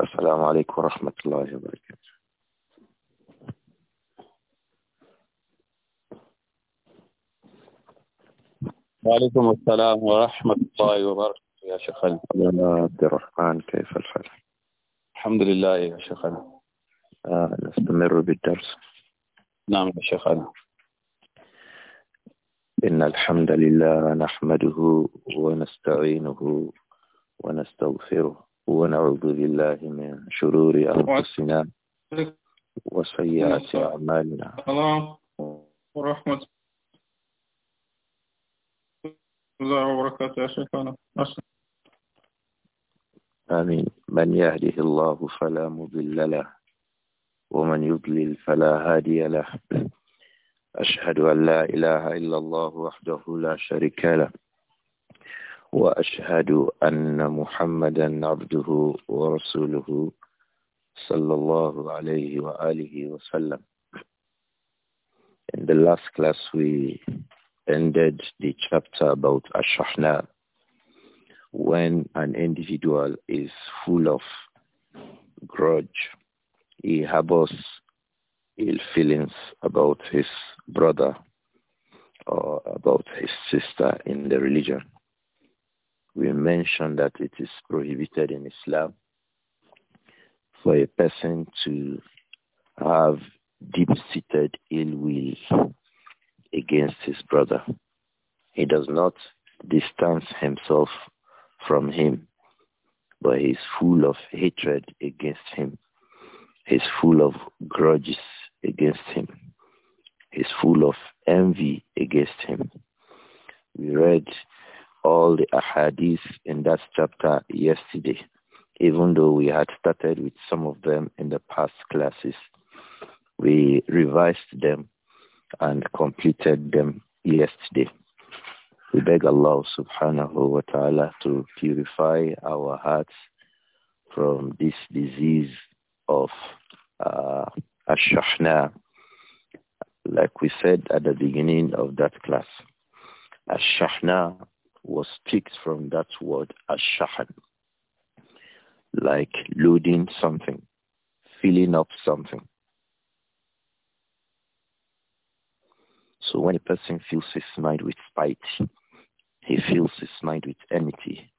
السلام عليكم ورحمة الله وبركاته وعليكم السلام ورحمة الله وبركاته يا شيخ يا عبد الرحمن كيف الحال؟ الحمد لله يا شيخ آه نستمر بالدرس نعم يا شيخ إن الحمد لله نحمده ونستعينه ونستغفره ونعوذ بالله من شرور أنفسنا وسيئات أعمالنا ورحمة الله وبركاته شيخنا آمين من يهده الله فلا مضل له ومن يضلل فلا هادي له أشهد أن لا إله إلا الله وحده لا شريك له وأشهد أن محمدا عبده ورسوله صلى الله عليه وآله وسلم. In the last class we ended the chapter about Ashahna when an individual is full of grudge. He harbors ill feelings about his brother or about his sister in the religion we mentioned that it is prohibited in Islam for a person to have deep-seated ill will against his brother. He does not distance himself from him, but he is full of hatred against him. He is full of grudges against him. He is full of envy against him. We read all the ahadith in that chapter yesterday, even though we had started with some of them in the past classes. We revised them and completed them yesterday. We beg Allah subhanahu wa ta'ala to purify our hearts from this disease of uh, like we said at the beginning of that class. ash was picked from that word ashahan, like loading something, filling up something. So when a person fills his mind with spite, he fills his mind with enmity,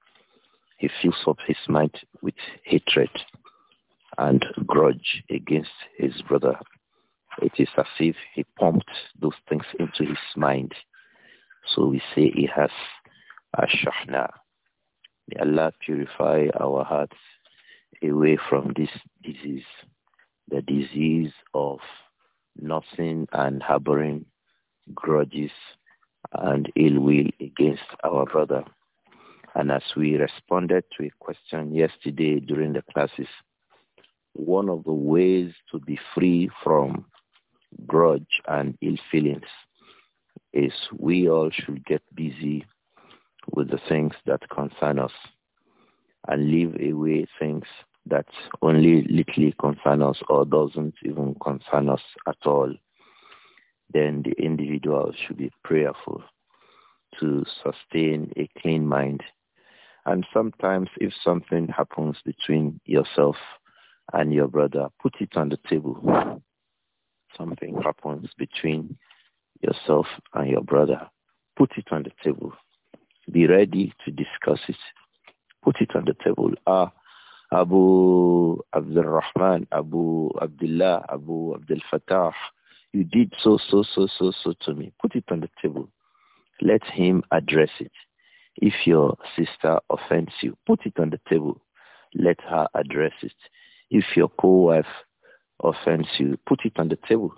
he fills up his mind with hatred and grudge against his brother. It is as if he pumped those things into his mind. So we say he has Ash-Shahna, May Allah purify our hearts away from this disease, the disease of nursing and harboring grudges and ill will against our brother. And as we responded to a question yesterday during the classes, one of the ways to be free from grudge and ill feelings is we all should get busy with the things that concern us and leave away things that only little concern us or doesn't even concern us at all, then the individual should be prayerful to sustain a clean mind. And sometimes if something happens between yourself and your brother, put it on the table. Something happens between yourself and your brother, put it on the table be ready to discuss it. Put it on the table. Ah, Abu Abdul Rahman, Abu Abdullah, Abu Abdul Fatah, you did so, so, so, so, so to me. Put it on the table. Let him address it. If your sister offends you, put it on the table. Let her address it. If your co-wife offends you, put it on the table.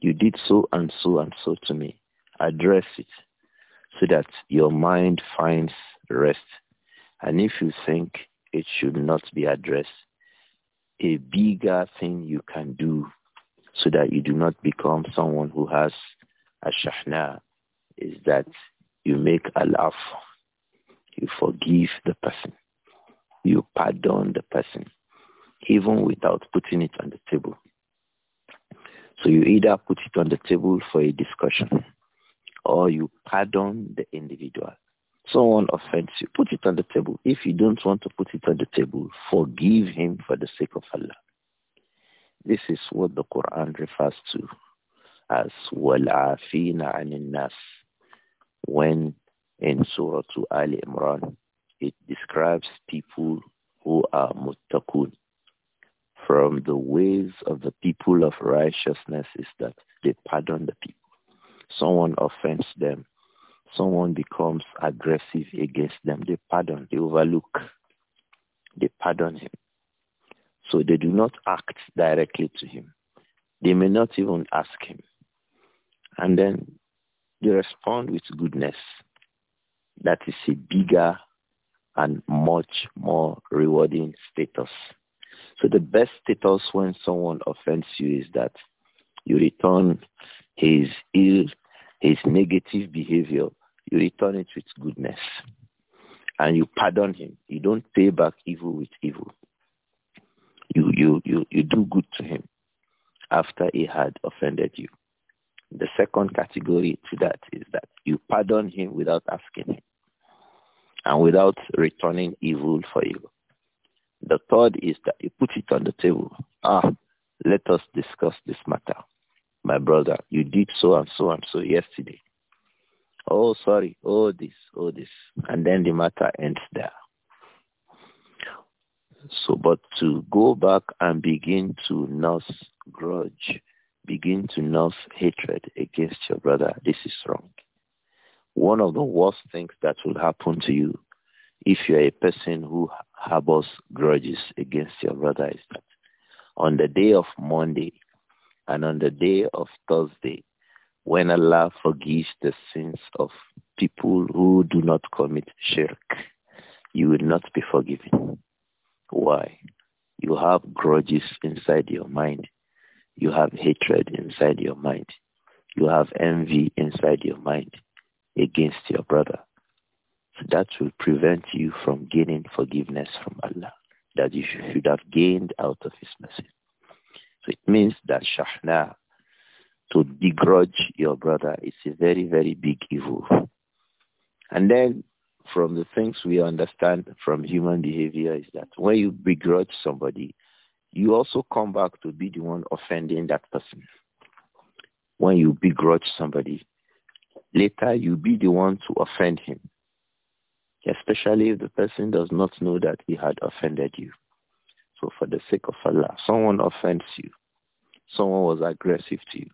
You did so and so and so to me. Address it so that your mind finds rest. And if you think it should not be addressed, a bigger thing you can do so that you do not become someone who has a shahna is that you make a laugh, You forgive the person. You pardon the person, even without putting it on the table. So you either put it on the table for a discussion or you pardon the individual. Someone offends you, put it on the table. If you don't want to put it on the table, forgive him for the sake of Allah. This is what the Quran refers to as wal'afina anil nas when in Surah to Ali Imran it describes people who are muttaqun. From the ways of the people of righteousness is that they pardon the people someone offends them, someone becomes aggressive against them, they pardon, they overlook, they pardon him. So they do not act directly to him. They may not even ask him. And then they respond with goodness. That is a bigger and much more rewarding status. So the best status when someone offends you is that you return his ill, his negative behavior, you return it with goodness. And you pardon him. You don't pay back evil with evil. You, you, you, you do good to him after he had offended you. The second category to that is that you pardon him without asking him and without returning evil for evil. The third is that you put it on the table. Ah, let us discuss this matter my brother, you did so and so and so yesterday. Oh, sorry. Oh, this. Oh, this. And then the matter ends there. So, but to go back and begin to nurse grudge, begin to nurse hatred against your brother, this is wrong. One of the worst things that will happen to you if you are a person who harbors grudges against your brother is that on the day of Monday, and on the day of Thursday, when Allah forgives the sins of people who do not commit shirk, you will not be forgiven. Why? You have grudges inside your mind. You have hatred inside your mind. You have envy inside your mind against your brother. So that will prevent you from gaining forgiveness from Allah that you should have gained out of his message. So it means that shahna, to begrudge your brother, is a very, very big evil. And then from the things we understand from human behavior is that when you begrudge somebody, you also come back to be the one offending that person. When you begrudge somebody, later you be the one to offend him, especially if the person does not know that he had offended you. So for the sake of Allah, someone offends you. Someone was aggressive to you.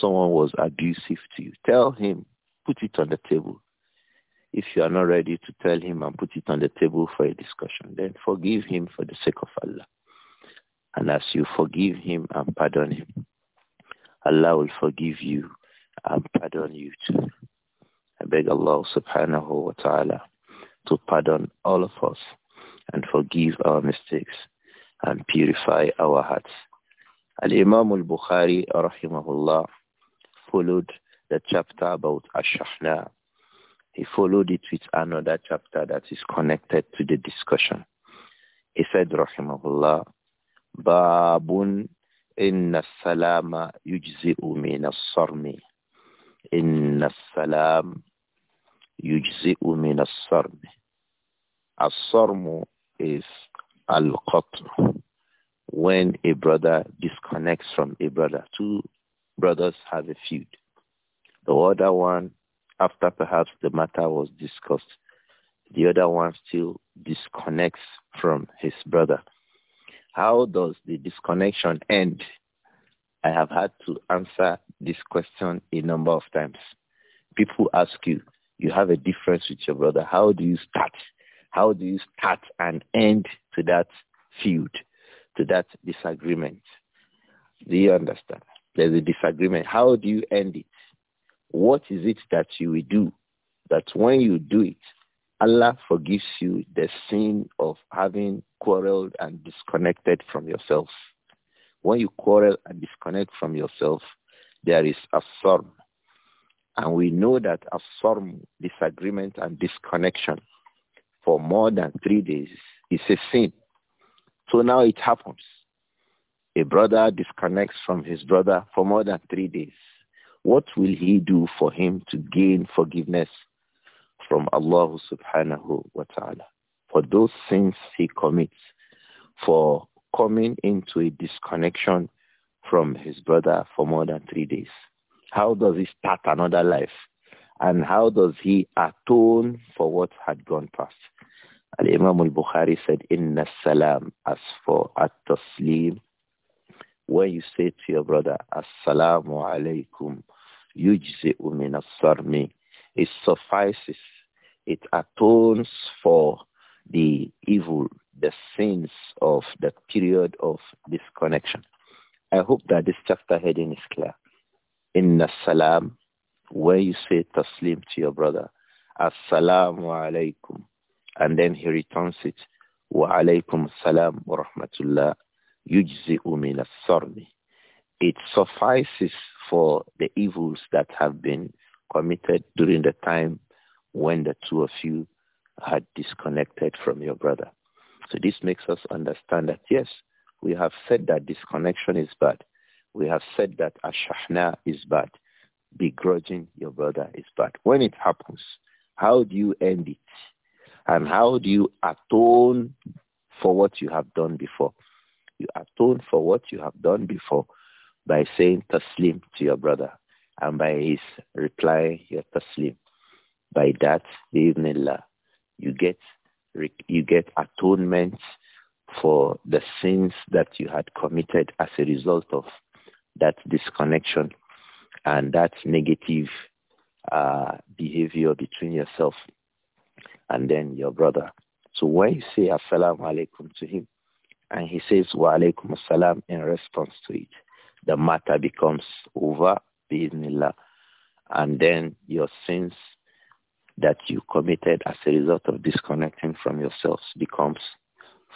Someone was abusive to you. Tell him, put it on the table. If you are not ready to tell him and put it on the table for a discussion, then forgive him for the sake of Allah. And as you forgive him and pardon him, Allah will forgive you and pardon you too. I beg Allah subhanahu wa ta'ala to pardon all of us and forgive our mistakes and purify our hearts. Al-Imam al-Bukhari, rahimahullah, followed the chapter about al-Shahna. He followed it with another chapter that is connected to the discussion. He said, rahimahullah, Babun inna salama yujzi'u min as-sarmi. Inna salam yujzi'u min as-sarmi. As-sarmu is al when a brother disconnects from a brother. Two brothers have a feud. The other one, after perhaps the matter was discussed, the other one still disconnects from his brother. How does the disconnection end? I have had to answer this question a number of times. People ask you, you have a difference with your brother. How do you start? How do you start and end to that feud, to that disagreement. Do you understand? There's a disagreement. How do you end it? What is it that you will do that when you do it, Allah forgives you the sin of having quarreled and disconnected from yourself. When you quarrel and disconnect from yourself, there is a storm. And we know that a storm, disagreement and disconnection for more than three days it's a sin. So now it happens. A brother disconnects from his brother for more than three days. What will he do for him to gain forgiveness from Allah subhanahu wa ta'ala for those sins he commits, for coming into a disconnection from his brother for more than three days? How does he start another life? And how does he atone for what had gone past? Al-Imam al-Bukhari said, Inna salam, as for at-taslim, when you say to your brother, Assalamu alaykum, yujzi'u min as-sarmi, it suffices, it atones for the evil, the sins of the period of disconnection. I hope that this chapter heading is clear. Inna salam, where you say taslim to your brother, Assalamu alaykum, and then he returns it. Wa alaykum salam wa rahmatullah yujzi'u min It suffices for the evils that have been committed during the time when the two of you had disconnected from your brother. So this makes us understand that yes, we have said that disconnection is bad. We have said that ashahna is bad. Begrudging your brother is bad. When it happens, how do you end it? And how do you atone for what you have done before? You atone for what you have done before by saying taslim to your brother and by his reply, your taslim. By that, bi'idhnillah, you get, you get atonement for the sins that you had committed as a result of that disconnection and that negative uh, behavior between yourself and then your brother. So when you say assalamu alaikum to him and he says wa alaikum assalam in response to it, the matter becomes over, bi'idhnillah. And then your sins that you committed as a result of disconnecting from yourselves becomes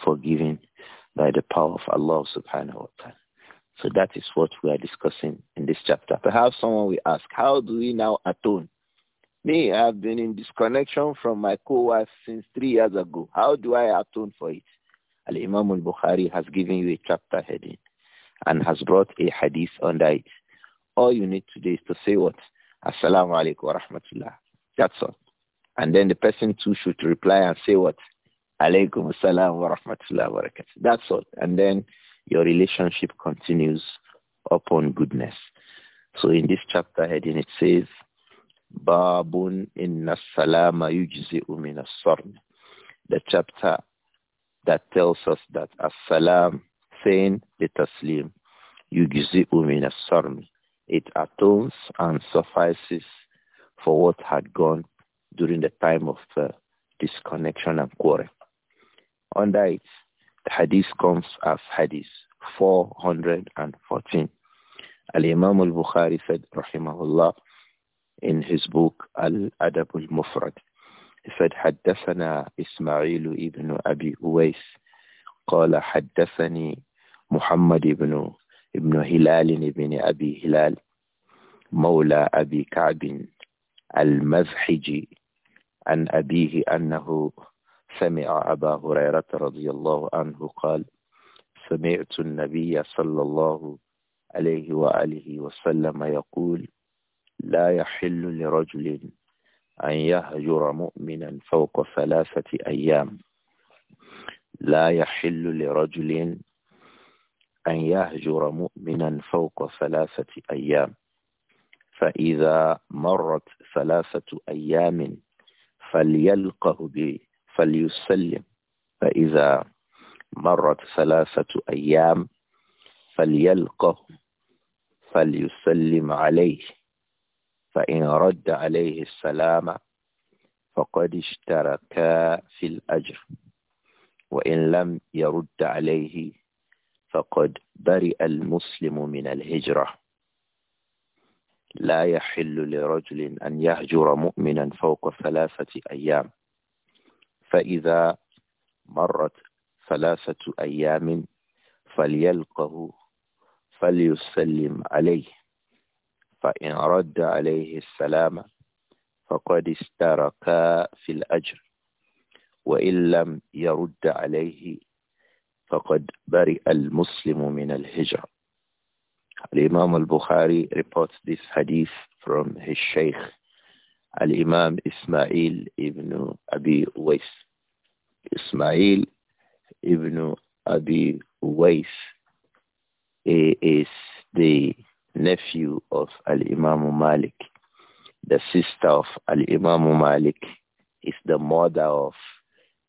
forgiven by the power of Allah subhanahu wa ta'ala. So that is what we are discussing in this chapter. Perhaps someone will ask, how do we now atone? Me, I've been in disconnection from my co-wife since three years ago. How do I atone for it? Al-Imam al-Bukhari has given you a chapter heading and has brought a hadith under it. All you need today is to say what? Assalamu alaikum wa rahmatullah. That's all. And then the person too should reply and say what? Alaikum assalam wa rahmatullah wa barakatuh. That's all. And then your relationship continues upon goodness. So in this chapter heading it says, Babun inna salama yujzi'u min as The chapter that tells us that as-salam, saying the taslim, yujzi'u min as-sarm. It atones and suffices for what had gone during the time of uh, disconnection and quarrel. Under it, the hadith comes as hadith 414. Al-Imam al-Bukhari said, rahimahullah, in his book Al-Adab al-Mufrad. He said, حدثنا إسماعيل ibn أبي أويس قال حدثني محمد ibn ابن هلال ابن أبي هلال مولى أبي كعب المزحجي عن أبيه أنه سمع أبا هريرة رضي الله عنه قال سمعت النبي صلى الله عليه وآله وسلم يقول لا يحل لرجل أن يهجر مؤمنا فوق ثلاثة أيام لا يحل لرجل أن يهجر مؤمنا فوق ثلاثة أيام فإذا مرت ثلاثة أيام فليلقه به فليسلم فإذا مرت ثلاثة أيام فليلقه فليسلم عليه فإن رد عليه السلام فقد اشتركا في الأجر وإن لم يرد عليه فقد برئ المسلم من الهجرة لا يحل لرجل أن يهجر مؤمنا فوق ثلاثة أيام فإذا مرت ثلاثة أيام فليلقه فليسلم عليه فإن رد عليه السلام فقد استرقا في الأجر وإن لم يرد عليه فقد برئ المسلم من الهجرة الإمام البخاري reports this hadith from his sheikh الإمام إسماعيل ابن أبي ويس إسماعيل ابن أبي ويس is the nephew of Al-Imam Malik. The sister of Al-Imam Malik is the mother of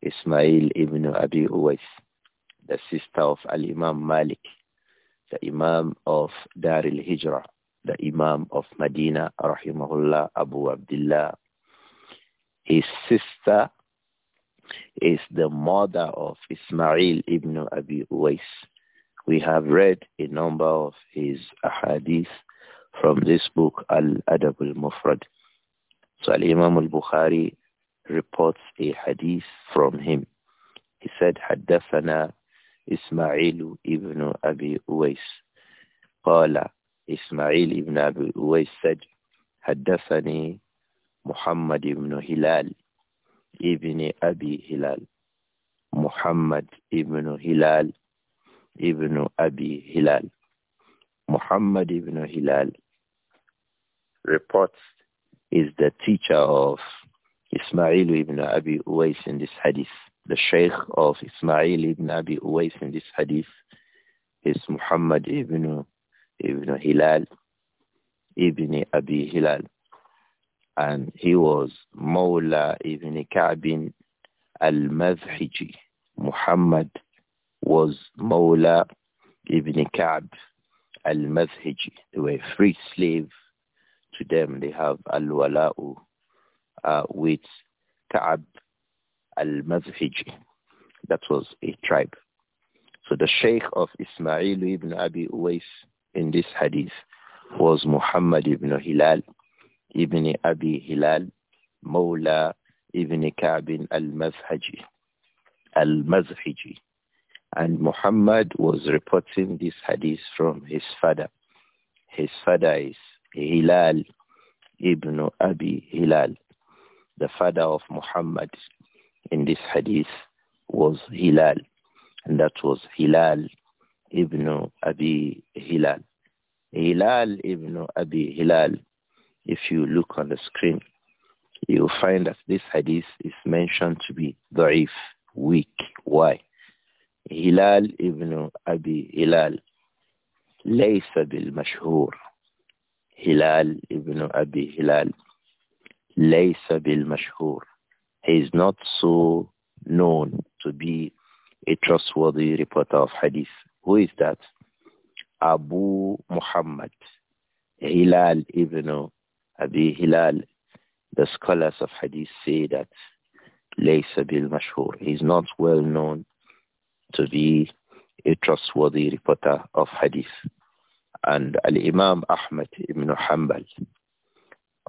Ismail ibn Abi Uwais, the sister of Al-Imam Malik, the Imam of Dar al-Hijra, the Imam of Medina, rahimahullah, Abu Abdullah. His sister is the mother of Ismail ibn Abi Uwais, we have read a number of his hadith from this book, Al-Adab al-Mufrad. So Al-Imam al-Bukhari reports a hadith from him. He said, حدثنا Ismail ibn أبي أويس قال Ismail ibn أبي أويس said, حدثني محمد Hilal هلال ابن أبي هلال محمد ابن هلال ibn Abi Hilal. Muhammad ibn Hilal reports is the teacher of Ismail ibn Abi Uwais in this hadith. The sheikh of Ismail ibn Abi Uwais in this hadith is Muhammad ibn, ibn Hilal, ibn Abi Hilal. And he was Mawla ibn Ka'bin al-Mazhiji, Muhammad was Mawla ibn Ka'b al-Mazhiji. They were free slave to them. They have al-Wala'u uh, with Ka'b al-Mazhiji. That was a tribe. So the Sheikh of Ismail ibn Abi Uwais in this hadith was Muhammad ibn Hilal ibn Abi Hilal, Mawla ibn Ka'b al-Mazhiji. Al-Mazhiji. And Muhammad was reporting this hadith from his father. His father is Hilal ibn Abi Hilal. The father of Muhammad in this hadith was Hilal. And that was Hilal ibn Abi Hilal. Hilal ibn Abi Hilal, if you look on the screen, you'll find that this hadith is mentioned to be da'if, weak. Why? Hilal ibn Abi Hilal. ليس بالمشهور Hilal ibn Abi Hilal. ليس بالمشهور He is not so known to be a trustworthy reporter of hadith. Who is that? Abu Muhammad. Hilal ibn Abi Hilal. The scholars of hadith say that ليس بالمشهور. He is not well known to be a trustworthy reporter of hadith. And Al-Imam Ahmad ibn Hanbal,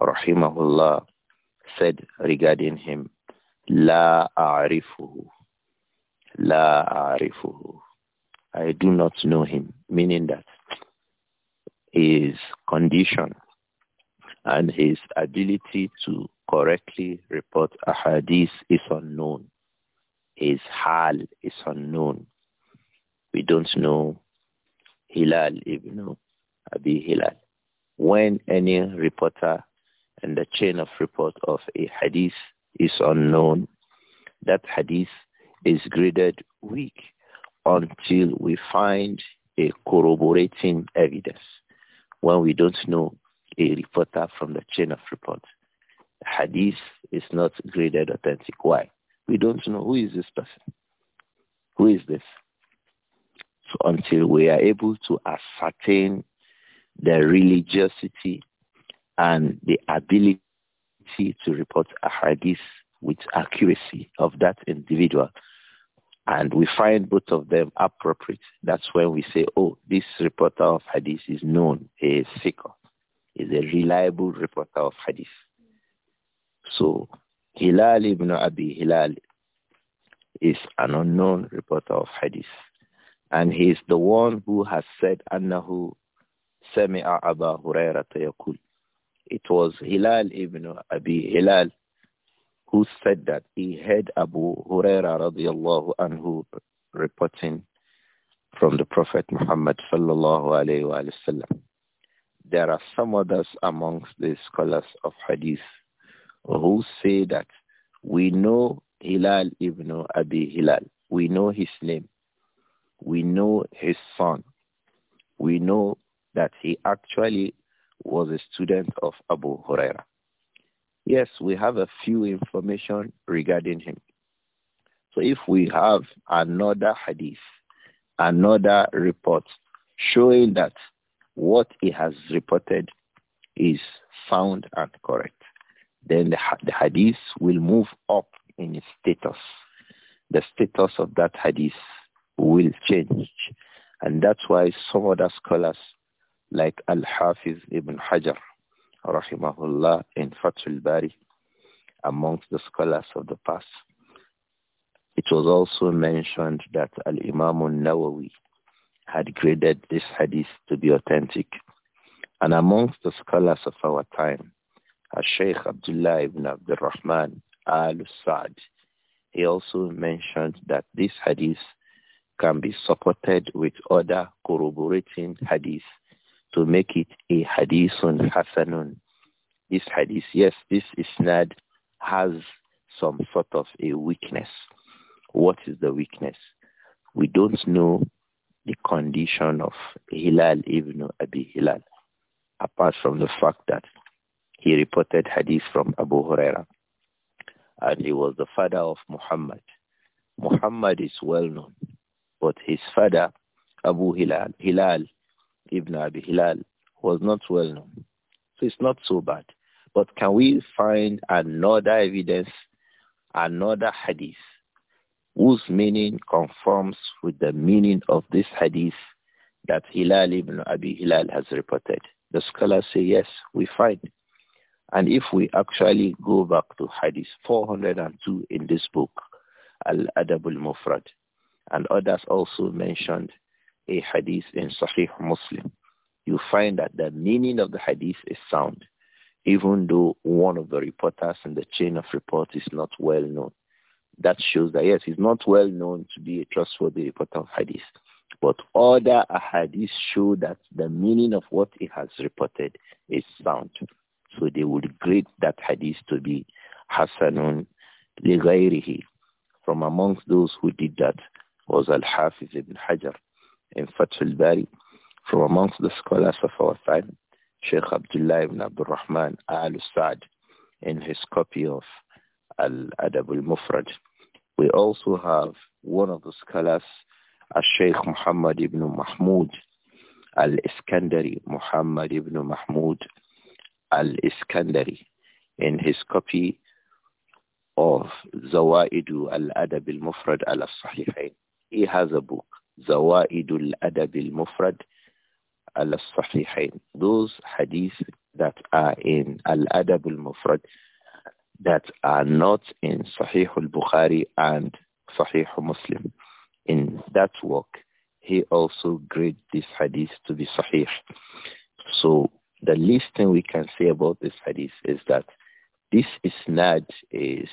rahimahullah, said regarding him, La أعرفه, La أعرفه." I do not know him, meaning that his condition and his ability to correctly report a hadith is unknown. His hal is unknown. We don't know Hilal ibn Abi Hilal. When any reporter and the chain of report of a hadith is unknown, that hadith is graded weak until we find a corroborating evidence. When we don't know a reporter from the chain of report, the hadith is not graded authentic. Why? We don't know who is this person. Who is this? So until we are able to ascertain the religiosity and the ability to report a hadith with accuracy of that individual, and we find both of them appropriate, that's when we say, oh, this reporter of hadith is known, a seeker, is a reliable reporter of hadith. So Hilal ibn Abi Hilal is an unknown reporter of hadith. And he is the one who has said, Annahu Sami'a Aba Huraira Tayakul. It was Hilal ibn Abi Hilal who said that he heard Abu Huraira radiallahu anhu reporting from the Prophet Muhammad sallallahu alayhi wa There are some others amongst the scholars of hadith who say that we know Hilal ibn Abi Hilal. We know his name. We know his son. We know that he actually was a student of Abu Huraira. Yes, we have a few information regarding him. So if we have another hadith, another report showing that what he has reported is sound and correct, then the, the hadith will move up in its status. The status of that hadith will change. And that's why some other scholars like Al-Hafiz ibn Hajar, rahimahullah, in Fathul Bari, amongst the scholars of the past, it was also mentioned that Al-Imam al-Nawawi had graded this hadith to be authentic. And amongst the scholars of our time, Sheikh Abdullah ibn Abdul Rahman al-Sa'd, he also mentioned that this hadith can be supported with other corroborating hadith to make it a hadithun hasanun. This hadith, yes, this isnad has some sort of a weakness. What is the weakness? We don't know the condition of Hilal ibn Abi Hilal, apart from the fact that he reported hadith from Abu Huraira. And he was the father of Muhammad. Muhammad is well known. But his father, Abu Hilal, Hilal Ibn Abi Hilal, was not well known. So it's not so bad. But can we find another evidence, another hadith, whose meaning conforms with the meaning of this hadith that Hilal ibn Abi Hilal has reported? The scholars say, yes, we find. And if we actually go back to Hadith 402 in this book, Al-Adab al-Mufrad, and others also mentioned a Hadith in Sahih Muslim, you find that the meaning of the Hadith is sound, even though one of the reporters in the chain of report is not well known. That shows that, yes, he's not well known to be a trustworthy reporter of Hadith. But other Hadiths show that the meaning of what he has reported is sound. So they would grade that hadith to be Hasanun لغيره. From amongst those who did that was Al-Hafiz ibn Hajar in Fath al-Bari. From amongst the scholars of our time, Sheikh Abdullah ibn Abdul Rahman al-Sa'd in his copy of Al-Adab al-Mufrad. We also have one of the scholars, Sheikh Muhammad ibn Mahmud al-Iskandari, Muhammad ibn Mahmud al-Iskandari in his copy of Zawaidu al-Adab al-Mufrad al-Sahihain. He has a book, Zawaidu al-Adab al-Mufrad al-Sahihain. Those hadiths that are in al-Adab al-Mufrad that are not in Sahih al-Bukhari and Sahih Muslim. In that work, he also graded this hadith to be Sahih. So the least thing we can say about this hadith is that this isnad is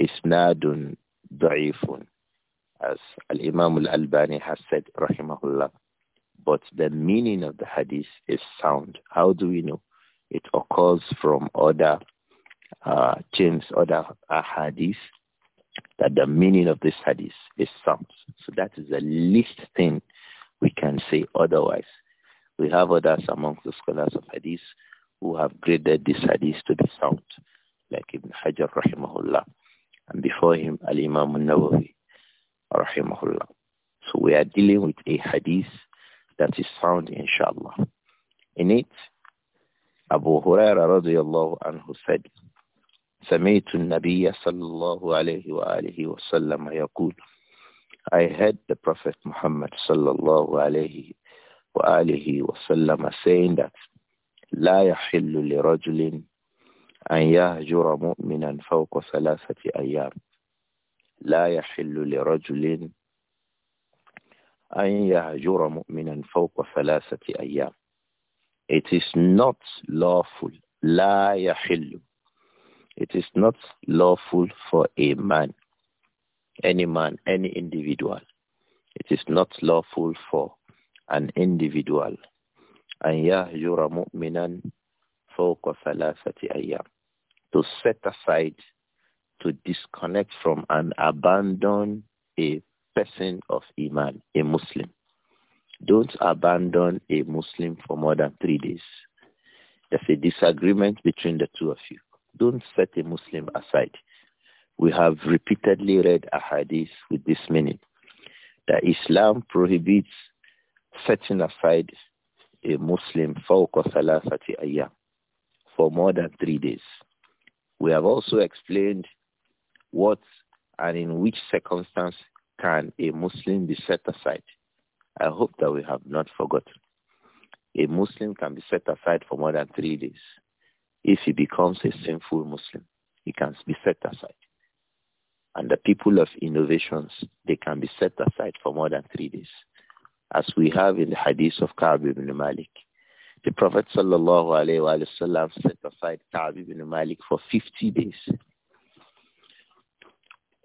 isnadun da'ifun, as Al-Imam Al-Albani has said, rahimahullah. But the meaning of the hadith is sound. How do we know? It occurs from other uh, chains, other hadiths, that the meaning of this hadith is sound. So that is the least thing we can say otherwise. We have others among the scholars of hadith who have graded this hadith to be sound, like Ibn Hajar rahimahullah, and before him Al-Imam al-Nawawi rahimahullah. So we are dealing with a hadith that is sound inshallah. In it, Abu Huraira radiyallahu anhu said, سمعت النبي صلى الله عليه وآله وسلم يقول I heard the Prophet Muhammad sallallahu عليه." وآله وسلم saying that لا يحل لرجل أن يهجر مؤمنا فوق ثلاثة أيام لا يحل لرجل أن يهجر مؤمنا فوق ثلاثة أيام It is not lawful لا يحل It is not lawful for a man any man any individual It is not lawful for an individual أن يهجر مؤمنا فوق ثلاثة أيام to set aside to disconnect from and abandon a person of Iman, a Muslim. Don't abandon a Muslim for more than three days. There's a disagreement between the two of you. Don't set a Muslim aside. We have repeatedly read a hadith with this meaning. that Islam prohibits setting aside a Muslim fawqa thalathati ayyam for more than three days. We have also explained what and in which circumstance can a Muslim be set aside. I hope that we have not forgotten. A Muslim can be set aside for more than three days. If he becomes a sinful Muslim, he can be set aside. And the people of innovations, they can be set aside for more than three days as we have in the hadith of Ka'b ibn Malik. The Prophet sallallahu alayhi wa set aside Ka'b ibn Malik for 50 days.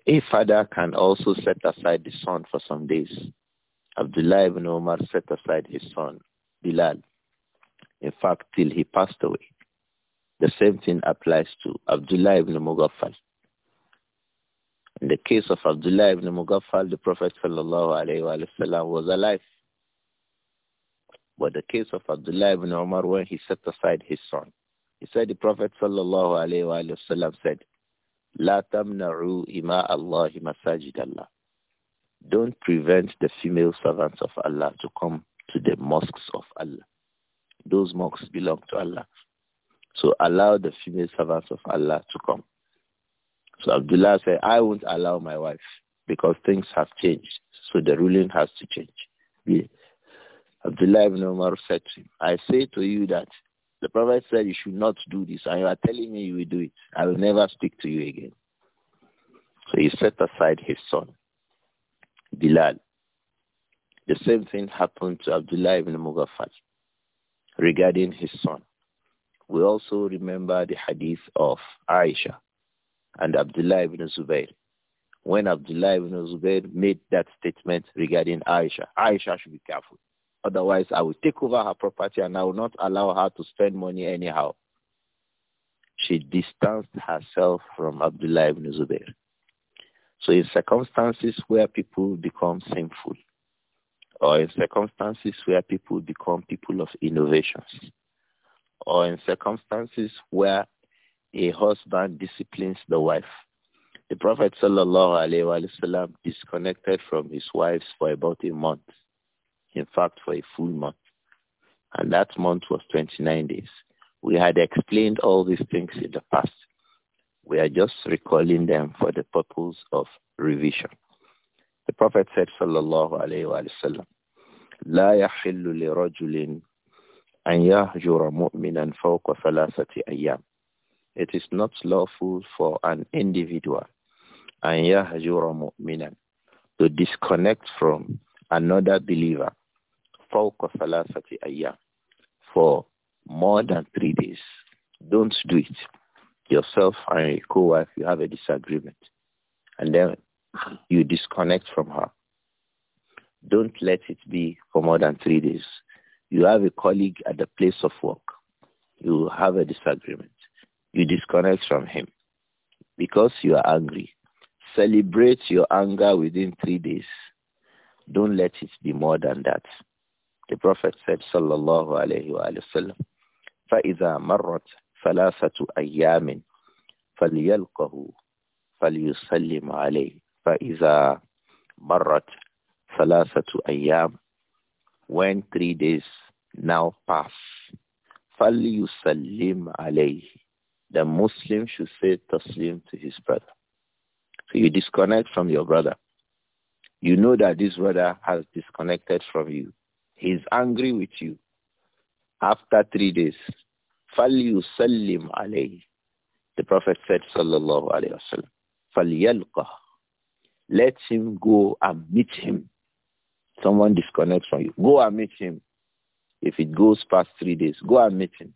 A father can also set aside the son for some days. Abdullah ibn Omar set aside his son, Bilal, in fact, till he passed away. The same thing applies to Abdullah ibn Mughaffal. In the case of Abdullah ibn Mughaffal, the Prophet sallallahu alayhi wa sallam was alive but the case of Abdullah ibn Umar when he set aside his son, he said the Prophet sallallahu alayhi wa sallam said, لا تمنعوا إماء الله مساجد Don't prevent the female servants of Allah to come to the mosques of Allah. Those mosques belong to Allah. So allow the female servants of Allah to come. So Abdullah said, I won't allow my wife because things have changed. So the ruling has to change. Abdullah ibn Umar said to him, I say to you that the Prophet said you should not do this, and you are telling me you will do it. I will never speak to you again. So he set aside his son, Bilal. The same thing happened to Abdullah ibn Mughaffal regarding his son. We also remember the hadith of Aisha and Abdullah ibn Zubayr. When Abdullah ibn Zubayr made that statement regarding Aisha, Aisha should be careful. Otherwise, I will take over her property and I will not allow her to spend money anyhow. She distanced herself from Abdullah ibn Zubair. So in circumstances where people become sinful, or in circumstances where people become people of innovations, or in circumstances where a husband disciplines the wife, the Prophet sallallahu wasallam disconnected from his wives for about a month in fact, for a full month. And that month was 29 days. We had explained all these things in the past. We are just recalling them for the purpose of revision. The Prophet said, sallallahu alayhi wa لا يحل لرجل أن يهجر مؤمنا فوق ثلاثة أيام. It is not lawful for an individual أن يهجر مؤمنا to disconnect from another believer فوق ثلاثة أيام for more than three days. Don't do it. Yourself and your co-wife, you have a disagreement. And then you disconnect from her. Don't let it be for more than three days. You have a colleague at the place of work. You have a disagreement. You disconnect from him because you are angry. Celebrate your anger within three days. Don't let it be more than that. The Prophet said, sallallahu Alaihi Wasallam. فَإِذَا مَرَّتْ ثَلَاثَةُ أَيَّامٍ فَلْيَلْقَهُ فَلْيُسَلِّمْ عَلَيْهِ فَإِذَا مَرَّتْ ثَلَاثَةُ أَيَّامٍ When three days now pass, فَلْيُسَلِّمْ عَلَيْهِ The Muslim should say taslim to his brother. So you disconnect from your brother. You know that this brother has disconnected from you He's angry with you. After three days, sallim alayhi. The Prophet said, sallallahu alayhi wasallam, فَلْيَلْقَهُ Let him go and meet him. Someone disconnects from you. Go and meet him. If it goes past three days, go and meet him.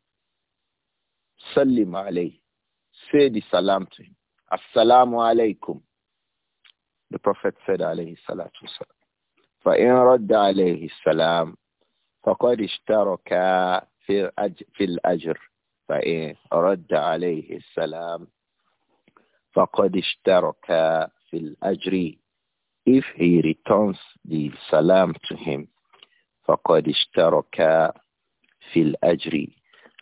Sallim alayhi. Say the salam to him. Assalamu alaykum. The Prophet said alayhi salatu salam. فإن رد عليه السلام فقد اشترك في في الأجر فإن رد عليه السلام فقد اشترك في الأجر if he returns the salam to him فقد اشترك في الأجر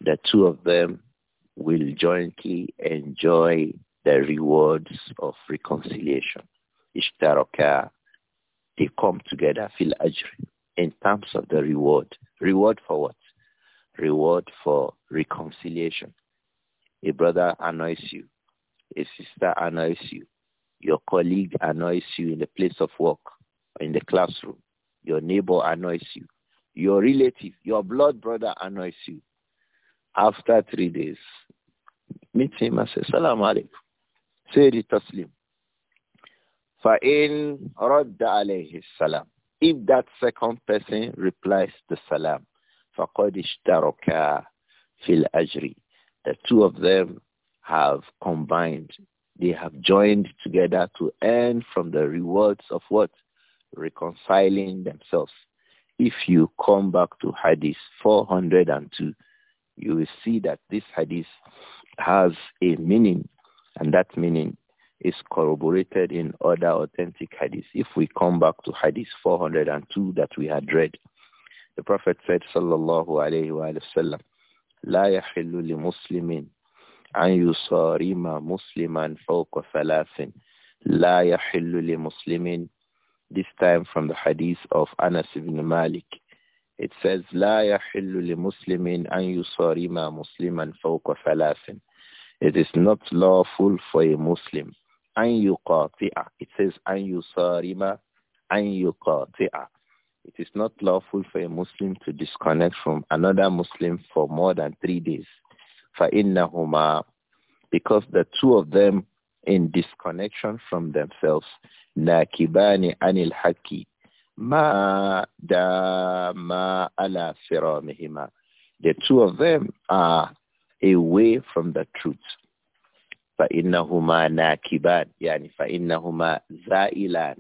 the two of them will jointly enjoy the rewards of reconciliation اشترك they come together, feel ajr, in terms of the reward. Reward for what? Reward for reconciliation. A brother annoys you. A sister annoys you. Your colleague annoys you in the place of work, in the classroom. Your neighbor annoys you. Your relative, your blood brother annoys you. After three days, meet him and say, Salam alaikum. Say the Taslim. If that second person replies the salam, فَقَدْ اشْتَرَكَا فِي الْأَجْرِ The two of them have combined. They have joined together to earn from the rewards of what? Reconciling themselves. If you come back to Hadith 402, you will see that this Hadith has a meaning, and that meaning is corroborated in other authentic hadiths. If we come back to hadith 402 that we had read, the Prophet said, sallallahu alayhi wa sallam, لا يحل لمسلم أن يصارم مسلما فوق ثلاث لا يحل لمسلم this time from the hadith of Anas ibn Malik. It says, لا يحل لمسلم أن يصارم مسلما فوق ثلاث It is not lawful for a Muslim an yuqati'a. It says an yusarima an yuqati'a. It is not lawful for a Muslim to disconnect from another Muslim for more than three days. فَإِنَّهُمَا Because the two of them in disconnection from themselves, نَاكِبَانِ عَنِ الْحَكِّ مَا دَامَا عَلَى فِرَامِهِمَا The two of them are away from the truth فإنهما ناكبان يعني فإنهما زائلان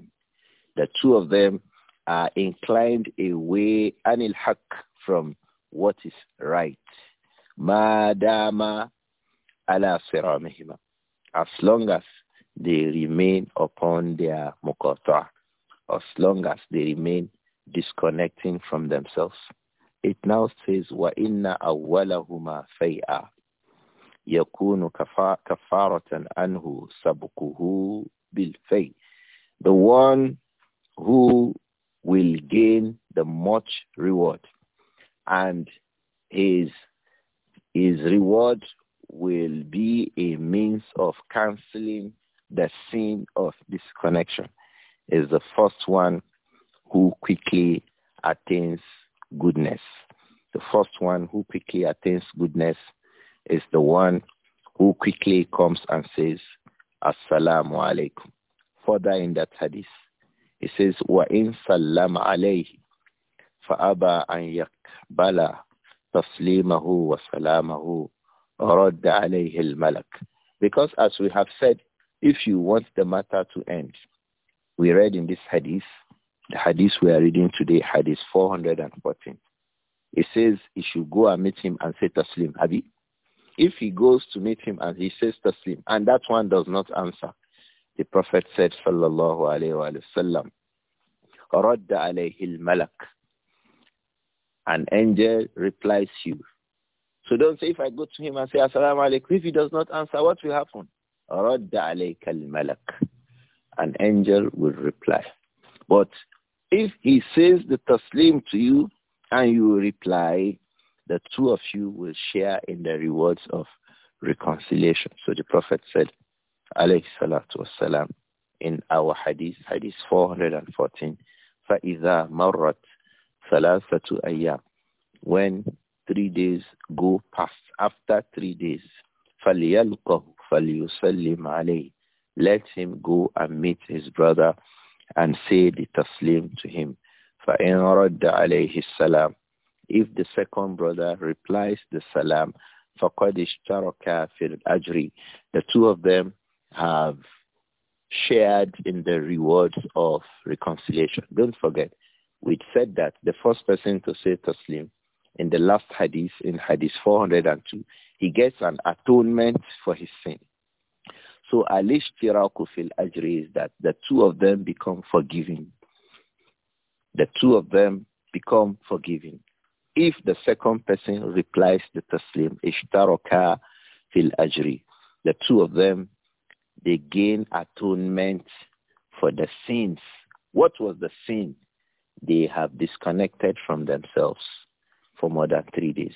the two of them are inclined away anil from what is right ما دام على صرامهما as long as they remain upon their muqata as long as they remain disconnecting from themselves it now says wa inna awwalahuma fay'a يكون anhu عنه سبقه faith the one who will gain the much reward and his his reward will be a means of canceling the sin of disconnection is the first one who quickly attains goodness the first one who quickly attains goodness is the one who quickly comes and says, Assalamu alaikum. Further in that hadith, he says, وَإِن سَلَّمَ عَلَيْهِ فَأَبَى أَن يَقْبَلَ تَسْلِيمَهُ وَسَلَامَهُ alayhi عَلَيْهِ الْمَلَكُ Because as we have said, if you want the matter to end, we read in this hadith, the hadith we are reading today, hadith 414. It says, you should go and meet him and say taslim. you?" If he goes to meet him and he says taslim, and that one does not answer, the Prophet said, sallallahu alayhi wa sallam, رَدَّ عَلَيْهِ malak An angel replies you. So don't say, if I go to him and say, assalamu alaikum, if he does not answer, what will happen? رَدَّ عَلَيْكَ malak An angel will reply. But if he says the taslim to you and you reply, the two of you will share in the rewards of reconciliation. So the Prophet said, alayhi salatu wasalam, in our hadith, hadith 414, فَإِذَا مَرَّتْ ثَلَاثَةُ أَيَّامٍ When three days go past, after three days, فَلْيَلْقَهُ فَلْيُسَلِّمْ عَلَيْهِ Let him go and meet his brother and say the taslim to him. فَإِنْ رَدَّ عَلَيْهِ السَّلَامِ if the second brother replies the salam, فَقَدْ اشْتَرَكَ فِي The two of them have shared in the rewards of reconciliation. Don't forget, we said that the first person to say Taslim in the last hadith, in hadith 402, he gets an atonement for his sin. So alish ishtiraku fil ajri is that the two of them become forgiving. The two of them become forgiving. If the second person replies the taslim, ishtaroka fil ajri, the two of them, they gain atonement for the sins. What was the sin? They have disconnected from themselves for more than three days.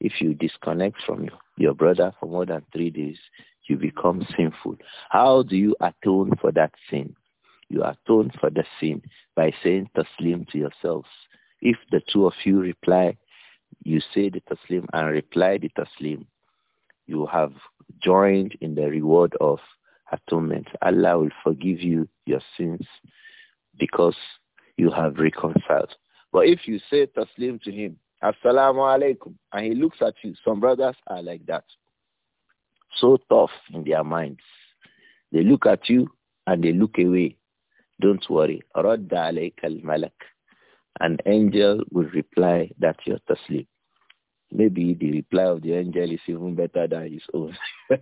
If you disconnect from your brother for more than three days, you become sinful. How do you atone for that sin? You atone for the sin by saying taslim to yourselves. If the two of you reply, you say the taslim and reply the taslim, you have joined in the reward of atonement. Allah will forgive you your sins because you have reconciled. But if you say taslim to him, assalamu alaikum, and he looks at you, some brothers are like that. So tough in their minds. They look at you and they look away. Don't worry. Radda alayka al-malak. An angel will reply that you're asleep. Maybe the reply of the angel is even better than his own.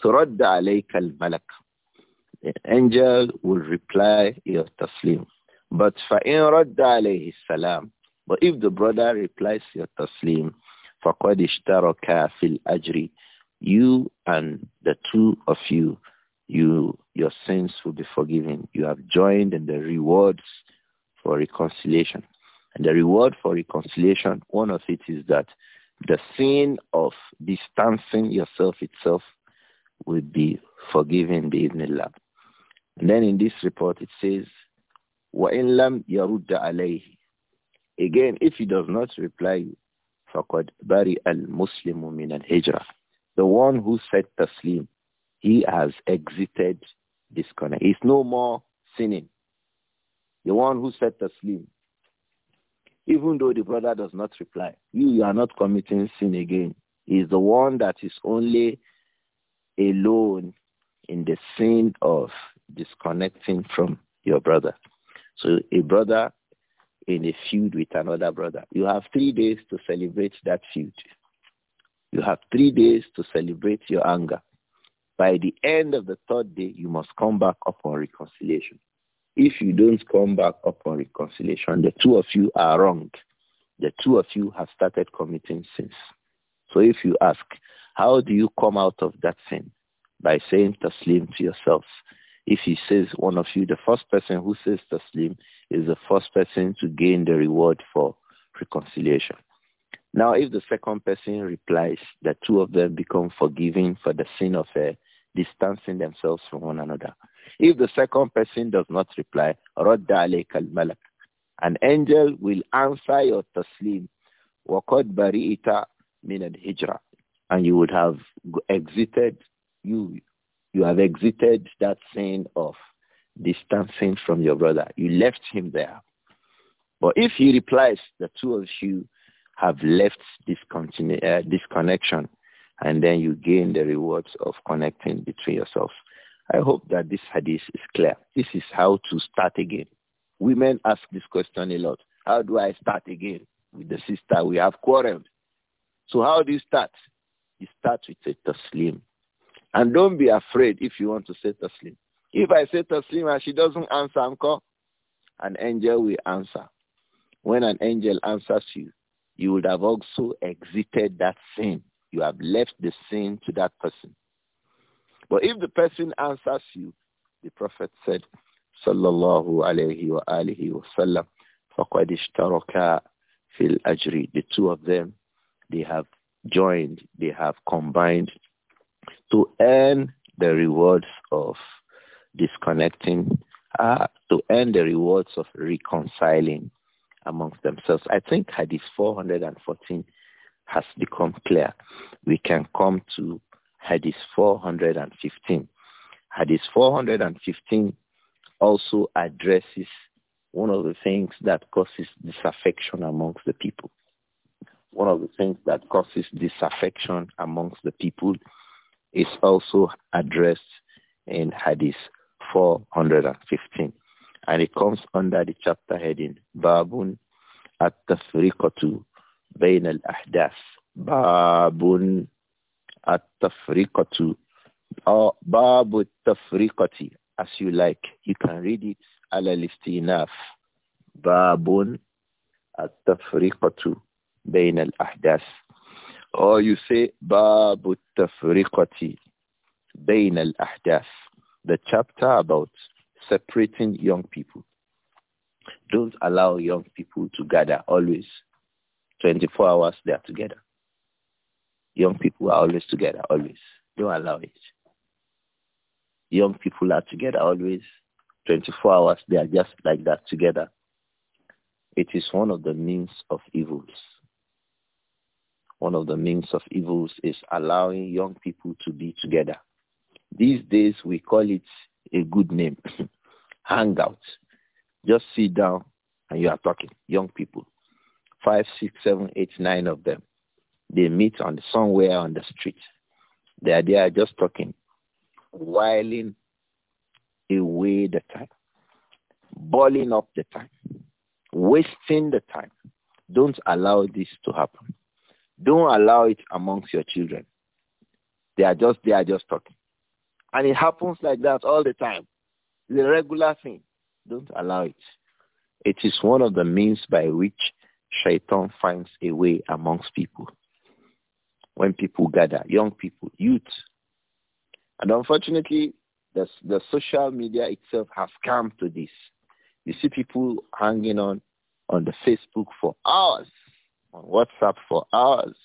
so رد عليك الملك. The angel will reply you're your taslim. But فإن رد عليه السلام. But if the brother replies you're your taslim, فقد اشترك في الأجر. You and the two of you you your sins will be forgiven. You have joined in the rewards for reconciliation. And the reward for reconciliation, one of it is that the sin of distancing yourself itself will be forgiven bi'idhnillah. And then in this report it says, وَإِنْ لَمْ يَرُدَّ عَلَيْهِ Again, if he does not reply, فَقَدْ بَرِئَ الْمُسْلِمُ مِنَ الْهِجْرَةِ The one who said taslim, he has exited this corner. He's no more sinning the one who said taslim. Even though the brother does not reply, you, you are not committing sin again. He is the one that is only alone in the sin of disconnecting from your brother. So a brother in a feud with another brother. You have three days to celebrate that feud. You have three days to celebrate your anger. By the end of the third day, you must come back upon reconciliation. If you don't come back upon reconciliation, the two of you are wrong. The two of you have started committing sins. So if you ask, how do you come out of that sin? By saying taslim to yourselves. If he says one of you, the first person who says taslim is the first person to gain the reward for reconciliation. Now, if the second person replies, the two of them become forgiving for the sin of uh, distancing themselves from one another. If the second person does not reply, رَدَّ عَلَيْكَ الْمَلَكَ An angel will answer your taslim. وَقَدْ بَرِئِتَ مِنَ الْهِجْرَةِ And you would have exited, you, you have exited that sin of distancing from your brother. You left him there. But if he replies, the two of you have left this uh, and then you gain the rewards of connecting between yourselves. I hope that this hadith is clear. This is how to start again. Women ask this question a lot. How do I start again with the sister? We have quarreled. So how do you start? You start with a taslim. And don't be afraid if you want to say taslim. If I say taslim and she doesn't answer, an angel will answer. When an angel answers you, you would have also exited that sin. You have left the sin to that person. But if the person answers you, the Prophet said, Sallallahu alayhi wa alihi wa sallam, fil ajri. The two of them, they have joined, they have combined to earn the rewards of disconnecting, uh, to earn the rewards of reconciling amongst themselves. I think Hadith 414 has become clear. We can come to Hadith 415. Hadith 415 also addresses one of the things that causes disaffection amongst the people. One of the things that causes disaffection amongst the people is also addressed in Hadith 415. And it comes under the chapter heading Babun at-Tafriqatu Bain al-Ahdas. Babun at-Tafriqatu or Babu Tafriqati as you like. You can read it ala listinaf. Babun At-Tafriqatu Bain al-Ahdas. Or you say Babu Tafriqati Bain al-Ahdas. The chapter about separating young people. Don't allow young people to gather always. 24 hours they are together. Young people are always together, always. Don't allow it. Young people are together always. 24 hours, they are just like that together. It is one of the means of evils. One of the means of evils is allowing young people to be together. These days, we call it a good name, hangout. Just sit down and you are talking, young people. Five, six, seven, eight, nine of them they meet on somewhere on the street. They are there just talking, whiling away the time, boiling up the time, wasting the time. Don't allow this to happen. Don't allow it amongst your children. They are just they are just talking. And it happens like that all the time. It's a regular thing. Don't allow it. It is one of the means by which shaitan finds a way amongst people when people gather, young people, youth. And unfortunately, the, the social media itself has come to this. You see people hanging on on the Facebook for hours, on WhatsApp for hours,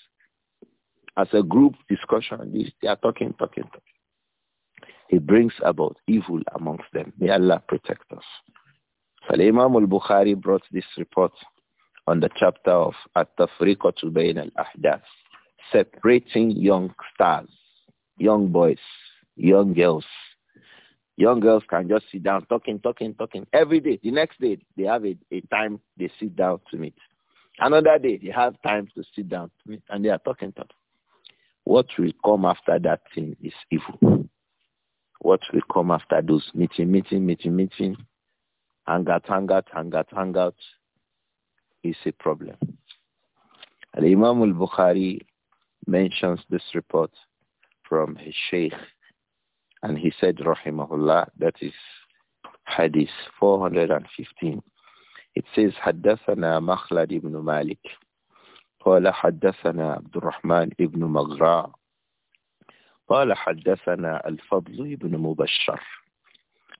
as a group discussion. on This they are talking, talking, talking. It brings about evil amongst them. May Allah protect us. So Imam al-Bukhari brought this report on the chapter of At-Tafriqatu Bayn al-Ahdath separating young stars, young boys, young girls. Young girls can just sit down talking, talking, talking. Every day, the next day, they have a, a time they sit down to meet. Another day, they have time to sit down to meet, and they are talking, talking. What will come after that thing is evil. What will come after those meeting, meeting, meeting, meeting, hangout, hangout, hangout, hangout, is a problem. Al-Imam al-Bukhari mentions this report from his sheikh. And he said, rahimahullah, that is hadith 415. It says, حدثنا مخلد ibn Malik. قال حدثنا عبد الرحمن ابن مغراء قال حدثنا الفضل ابن مبشر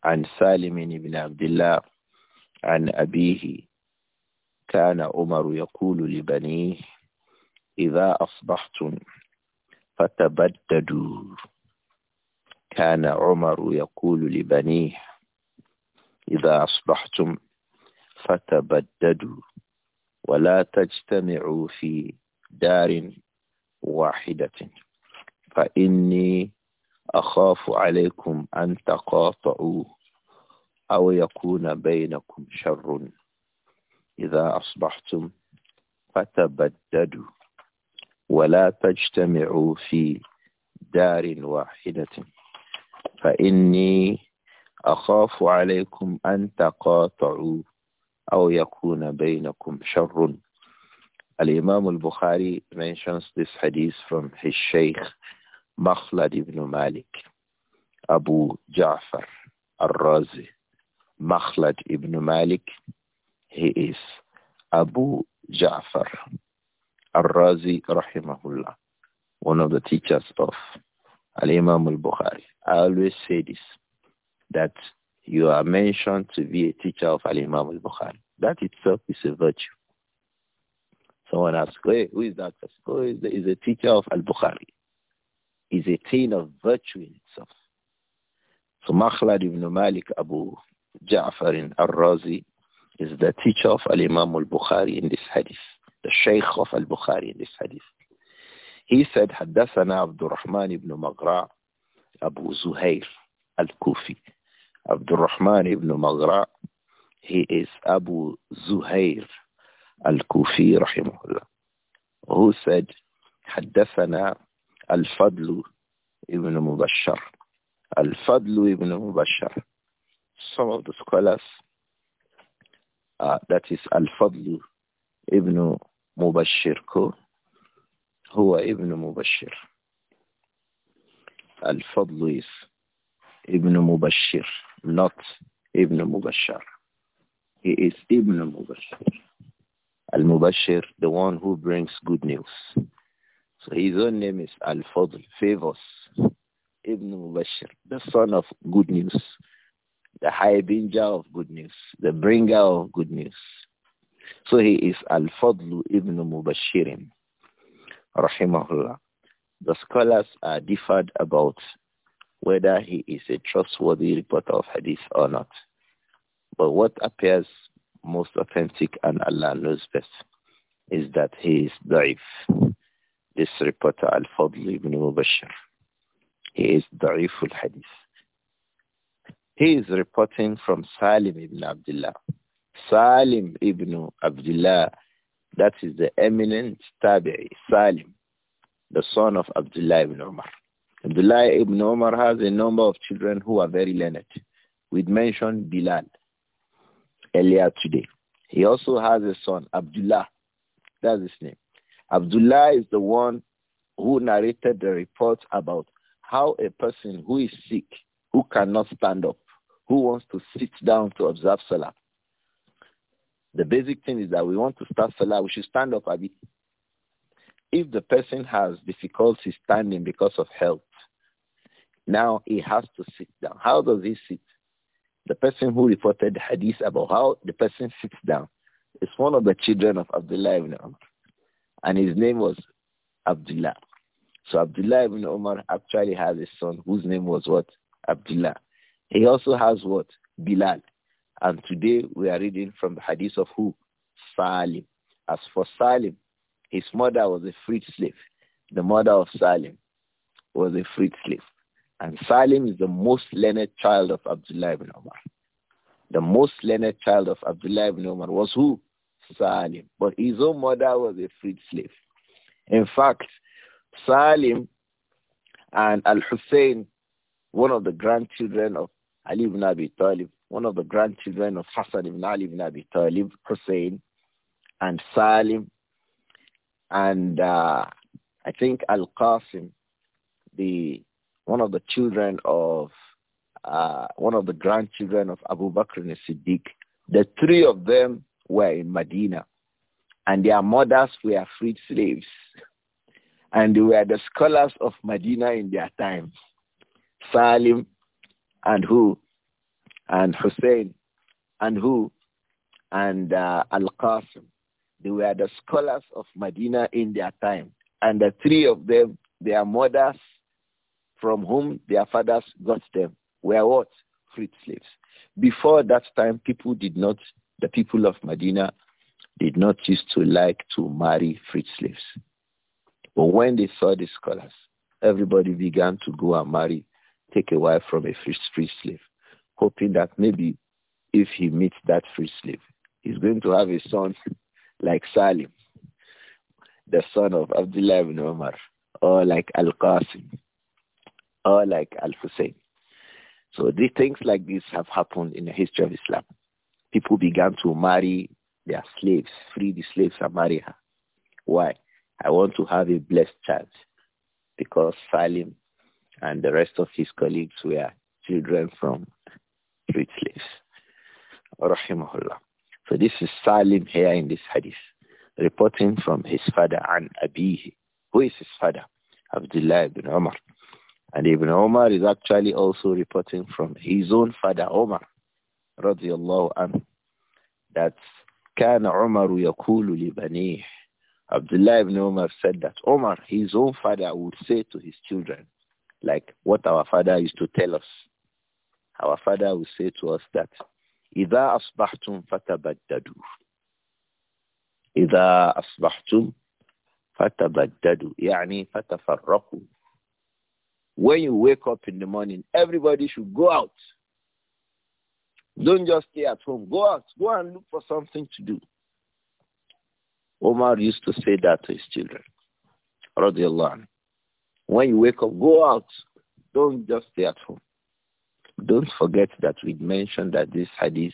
عن سالم بن عبد الله عن أبيه كان عمر يقول لبنيه إذا أصبحتم فتبددوا كان عمر يقول لبنيه إذا أصبحتم فتبددوا ولا تجتمعوا في دار واحدة فإني أخاف عليكم أن تقاطعوا أو يكون بينكم شر إذا أصبحتم فتبددوا ولا تجتمعوا في دار واحدة فإني أخاف عليكم أن تقاطعوا أو يكون بينكم شر الإمام البخاري mentions this hadith from his sheikh مخلد ibn Malik Abu Ja'far al-Razi Makhlad ibn Malik he is Abu Ja'far al razi rahimahullah, one of the teachers of Al-Imam al-Bukhari. I always say this, that you are mentioned to be a teacher of Al-Imam al-Bukhari. That itself is a virtue. Someone asks, hey, who is that Oh, is, the, a teacher of Al-Bukhari. Is a thing of virtue in itself. So Makhlad ibn Malik Abu Ja'far al-Razi is the teacher of Al-Imam al-Bukhari in this hadith the Shaykh of Al-Bukhari in this hadith. He said, حدثنا عبد ibn بن Abu أبو Al Kufi. Abu الرحمن ibn مغراء, he is Abu Zuhair al-Kufi rahimahullah, who said, Al Fadlu ibn Mubashshar. Al-Fadlu ibn Mubashshar. Some of the scholars, uh, that is Al-Fadlu ibn Mubashir ko هو ابن مبشر الفضل is ابن مبشر not ابن مبشر he is ابن مبشر al-mubashir the one who brings good news so his own name is al-fadl favors ibn mubashir the son of good news the high binger of good news the bringer of good news so he is Al-Fadl ibn Mubashirin, rahimahullah. The scholars are differed about whether he is a trustworthy reporter of hadith or not. But what appears most authentic and Allah knows best is that he is da'if. This reporter Al-Fadl ibn Mubashir. He is da'if al-hadith. He is reporting from Salim ibn Abdullah. Salim ibn Abdullah. That is the eminent tabi'i, Salim, the son of Abdullah ibn Umar. Abdullah ibn Umar has a number of children who are very learned. We mentioned Bilal earlier today. He also has a son, Abdullah. That's his name. Abdullah is the one who narrated the report about how a person who is sick, who cannot stand up, who wants to sit down to observe Salah, the basic thing is that we want to start salah, we should stand up a bit. If the person has difficulty standing because of health, now he has to sit down. How does he sit? The person who reported hadith about how the person sits down is one of the children of Abdullah ibn Umar. And his name was Abdullah. So Abdullah ibn Umar actually has a son whose name was what? Abdullah. He also has what? Bilal. And today we are reading from the hadith of who? Salim. As for Salim, his mother was a freed slave. The mother of Salim was a freed slave. And Salim is the most learned child of Abdullah ibn Omar. The most learned child of Abdullah ibn Omar was who? Salim. But his own mother was a freed slave. In fact, Salim and Al-Hussein, one of the grandchildren of Ali ibn Abi Talib, one of the grandchildren of Hassan ibn Ali ibn Abi Talib, Hussein, and Salim, and uh, I think Al-Qasim, the one of the children of uh, one of the grandchildren of Abu Bakr and Siddiq. The three of them were in Medina, and their mothers were freed slaves, and they were the scholars of Medina in their time. Salim and who and Hussein and who and uh, Al-Qasim. They were the scholars of Medina in their time. And the three of them, their mothers from whom their fathers got them were what? Freed slaves. Before that time, people did not, the people of Medina did not used to like to marry freed slaves. But when they saw the scholars, everybody began to go and marry, take a wife from a free, free slave hoping that maybe if he meets that free slave, he's going to have a son like Salim, the son of Abdullah ibn Umar, or like Al-Qasim, or like Al-Hussein. So these things like this have happened in the history of Islam. People began to marry their slaves, free the slaves and marry her. Why? I want to have a blessed child because Salim and the rest of his colleagues were children from street slaves. Rahimahullah. So this is Salim here in this hadith, reporting from his father An Abihi. Who is his father? Abdullah ibn Omar, And Ibn Omar is actually also reporting from his own father Umar, radiallahu anhu, that كان عمر يقول لبنيه Abdullah ibn Omar said that Omar, his own father, would say to his children, like what our father used to tell us our father will say to us that, إِذَا أَصْبَحْتُمْ فَتَبَدَّدُوا إِذَا أَصْبَحْتُمْ فَتَبَدَّدُوا يعني فَتَفَرَّقُوا When you wake up in the morning, everybody should go out. Don't just stay at home. Go out. Go and look for something to do. Omar used to say that to his children. Radiallahu when you wake up, go out. Don't just stay at home. Don't forget that we mentioned that this hadith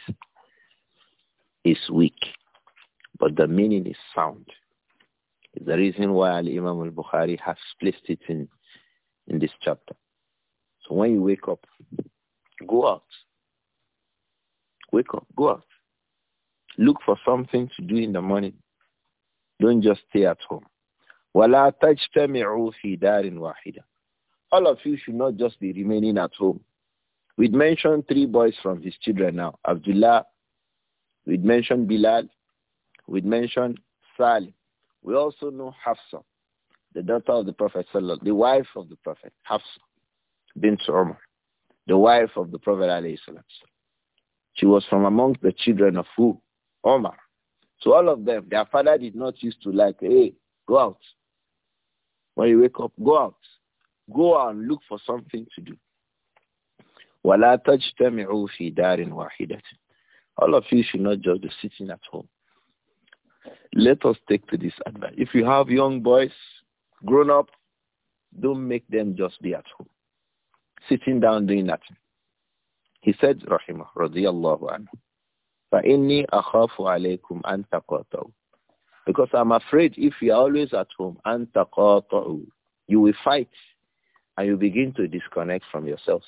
is weak, but the meaning is sound. It's the reason why Imam Al Bukhari has placed it in in this chapter. So when you wake up, go out. Wake up, go out. Look for something to do in the morning. Don't just stay at home. وَلَا تَجْتَمِعُوا فِي دَارٍ wahida. All of you should not just be remaining at home. We'd mentioned three boys from his children now. Abdullah, we'd mentioned Bilal, we'd mentioned Salim. We also know Hafsa, the daughter of the Prophet, the wife of the Prophet, Hafsa bint Umar, the wife of the Prophet. She was from among the children of who? Omar. So all of them, their father did not used to like, hey, go out. When you wake up, go out. Go out and look for something to do. وَلَا تَجْتَمِعُوا فِي دَارٍ وَاحِدَةٍ All of you should not just be sitting at home. Let us take to this advice. If you have young boys, grown up, don't make them just be at home, sitting down doing nothing. He said, رحمه رضي الله عنه, فَإِنِّي أَخَافُ عَلَيْكُمْ أَن تَقَاطَعُوا Because I'm afraid if you are always at home, أَن تَقَاطَعُوا You will fight and you begin to disconnect from yourselves.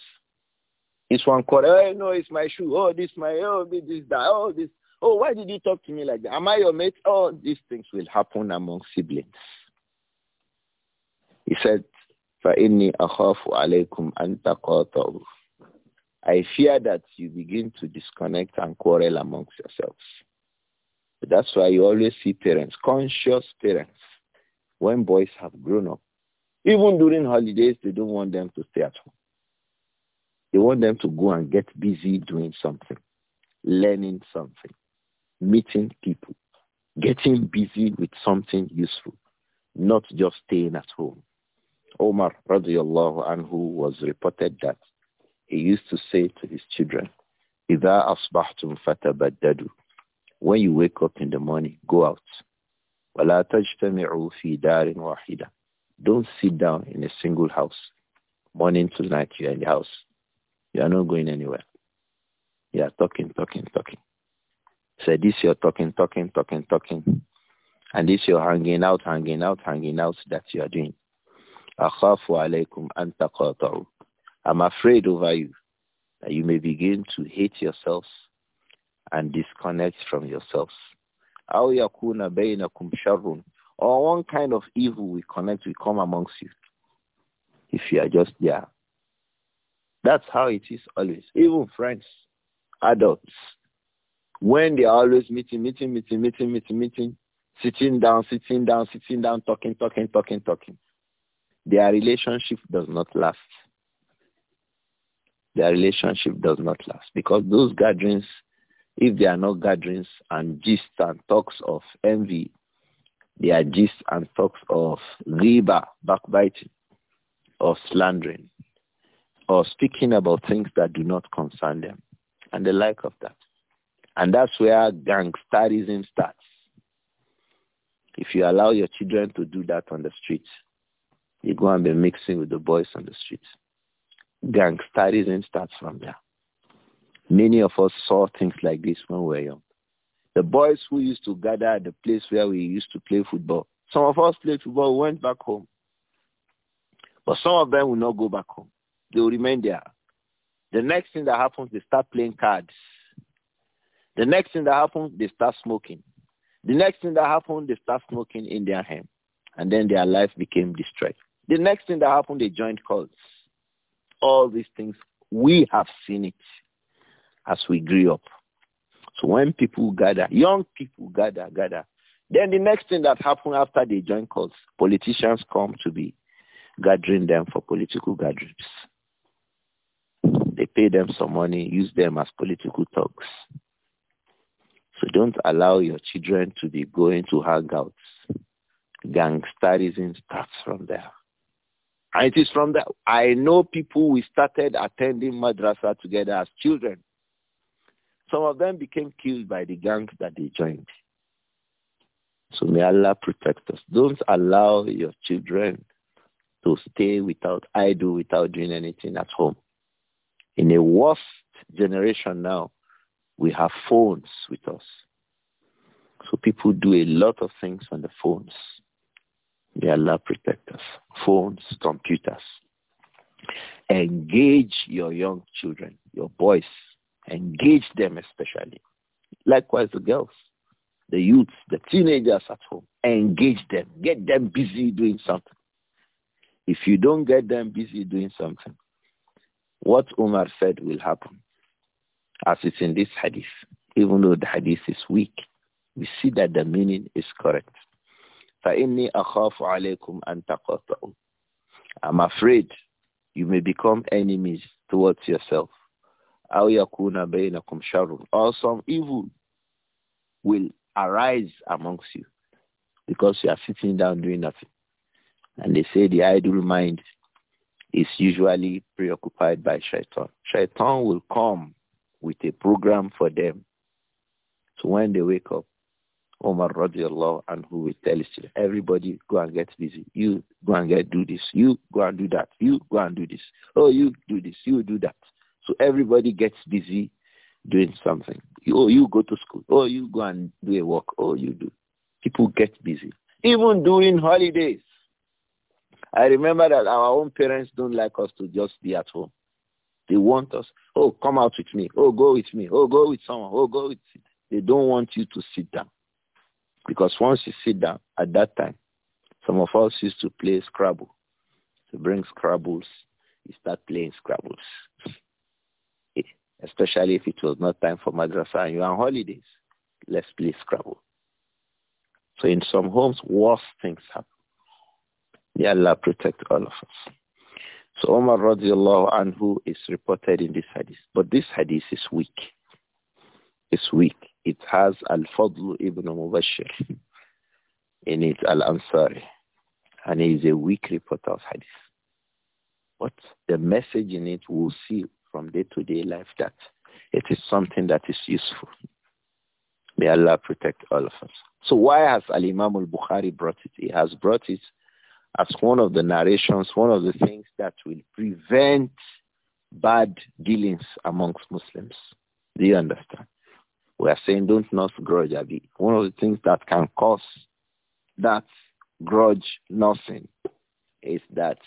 This one called, oh, no, it's my shoe. Oh, this my, oh, this, that, oh, this. Oh, why did you talk to me like that? Am I your mate? All oh, these things will happen among siblings. He said, فَإِنِّي أَخَافُ عَلَيْكُمْ أَن تَقَاطَعُوا I fear that you begin to disconnect and quarrel amongst yourselves. that's why you always see parents, conscious parents, when boys have grown up. Even during holidays, they don't want them to stay at home. They want them to go and get busy doing something, learning something, meeting people, getting busy with something useful, not just staying at home. Omar radiallahu anhu was reported that he used to say to his children, إِذَا أَصْبَحْتُمْ فَتَبَدَّدُوا When you wake up in the morning, go out. وَلَا تَجْتَمِعُوا فِي دَارٍ وَاحِدًا Don't sit down in a single house. Morning to night, you're in the house. You are not going anywhere. You are talking, talking, talking. So this you're talking, talking, talking, talking. And this you're hanging out, hanging out, hanging out that you are doing. Akhafu alaykum I'm afraid over you that you may begin to hate yourselves and disconnect from yourselves. Aw yakuna sharrun. Or one kind of evil will connect, will come amongst you. If you are just there that's how it is always. Even friends, adults, when they are always meeting, meeting, meeting, meeting, meeting, meeting, sitting down, sitting down, sitting down, talking, talking, talking, talking, their relationship does not last. Their relationship does not last because those gatherings, if they are not gatherings and gist and talks of envy, they are gist and talks of riba, backbiting, or slandering or speaking about things that do not concern them and the like of that. And that's where gangsterism starts. If you allow your children to do that on the street, you go and be mixing with the boys on the street. Gangsterism starts from there. Many of us saw things like this when we were young. The boys who used to gather at the place where we used to play football, some of us played football, went back home. But some of them will not go back home. They remain there. The next thing that happens, they start playing cards. The next thing that happens, they start smoking. The next thing that happened, they start smoking in their hand. And then their life became destroyed. The next thing that happened, they joined cults. All these things, we have seen it as we grew up. So when people gather, young people gather, gather, then the next thing that happened after they join cults, politicians come to be gathering them for political gatherings they pay them some money, use them as political thugs. So don't allow your children to be going to hangouts. Gangsterism starts from there. And it is from there. I know people we started attending madrasa together as children. Some of them became killed by the gangs that they joined. So may Allah protect us. Don't allow your children to stay without, I do without doing anything at home. In a worst generation now, we have phones with us. So people do a lot of things on the phones. They are protect protectors. Phones, computers. Engage your young children, your boys. Engage them especially. Likewise the girls, the youths, the teenagers at home. Engage them. Get them busy doing something. If you don't get them busy doing something, what Umar said will happen, as it's in this hadith. Even though the hadith is weak, we see that the meaning is correct. تَقَطَعُوا I'm afraid you may become enemies towards yourself. Or some evil will arise amongst you because you are sitting down doing nothing. And they say the idle mind is usually preoccupied by shaitan. Shaitan will come with a program for them. So when they wake up, Omar radiallahu and who will tell you? everybody go and get busy. You go and get do this. You go and do that. You go and do this. Oh, you do this. You do that. So everybody gets busy doing something. You, oh, you go to school. Oh, you go and do a work. Oh, you do. People get busy. Even during holidays. I remember that our own parents don't like us to just be at home. They want us, oh, come out with me. Oh, go with me. Oh, go with someone. Oh, go with... They don't want you to sit down. Because once you sit down, at that time, some of us used to play Scrabble. To bring Scrabbles, you start playing Scrabbles. Eh, especially if it was not time for madrasa and you're on holidays. Let's play Scrabble. So in some homes, worse things happen. May Allah protect all of us. So Umar radiallahu anhu is reported in this hadith. But this hadith is weak. It's weak. It has Al-Fadl ibn Mubashir in it, Al-Ansari. And it is a weak report of hadith. But the message in it will see from day-to-day -day life that it is something that is useful. May Allah protect all of us. So why has Al-Imam al-Bukhari brought it? He has brought it as one of the narrations, one of the things that will prevent bad dealings amongst Muslims. Do you understand? We are saying don't not grudge Abi. One of the things that can cause that grudge nothing is that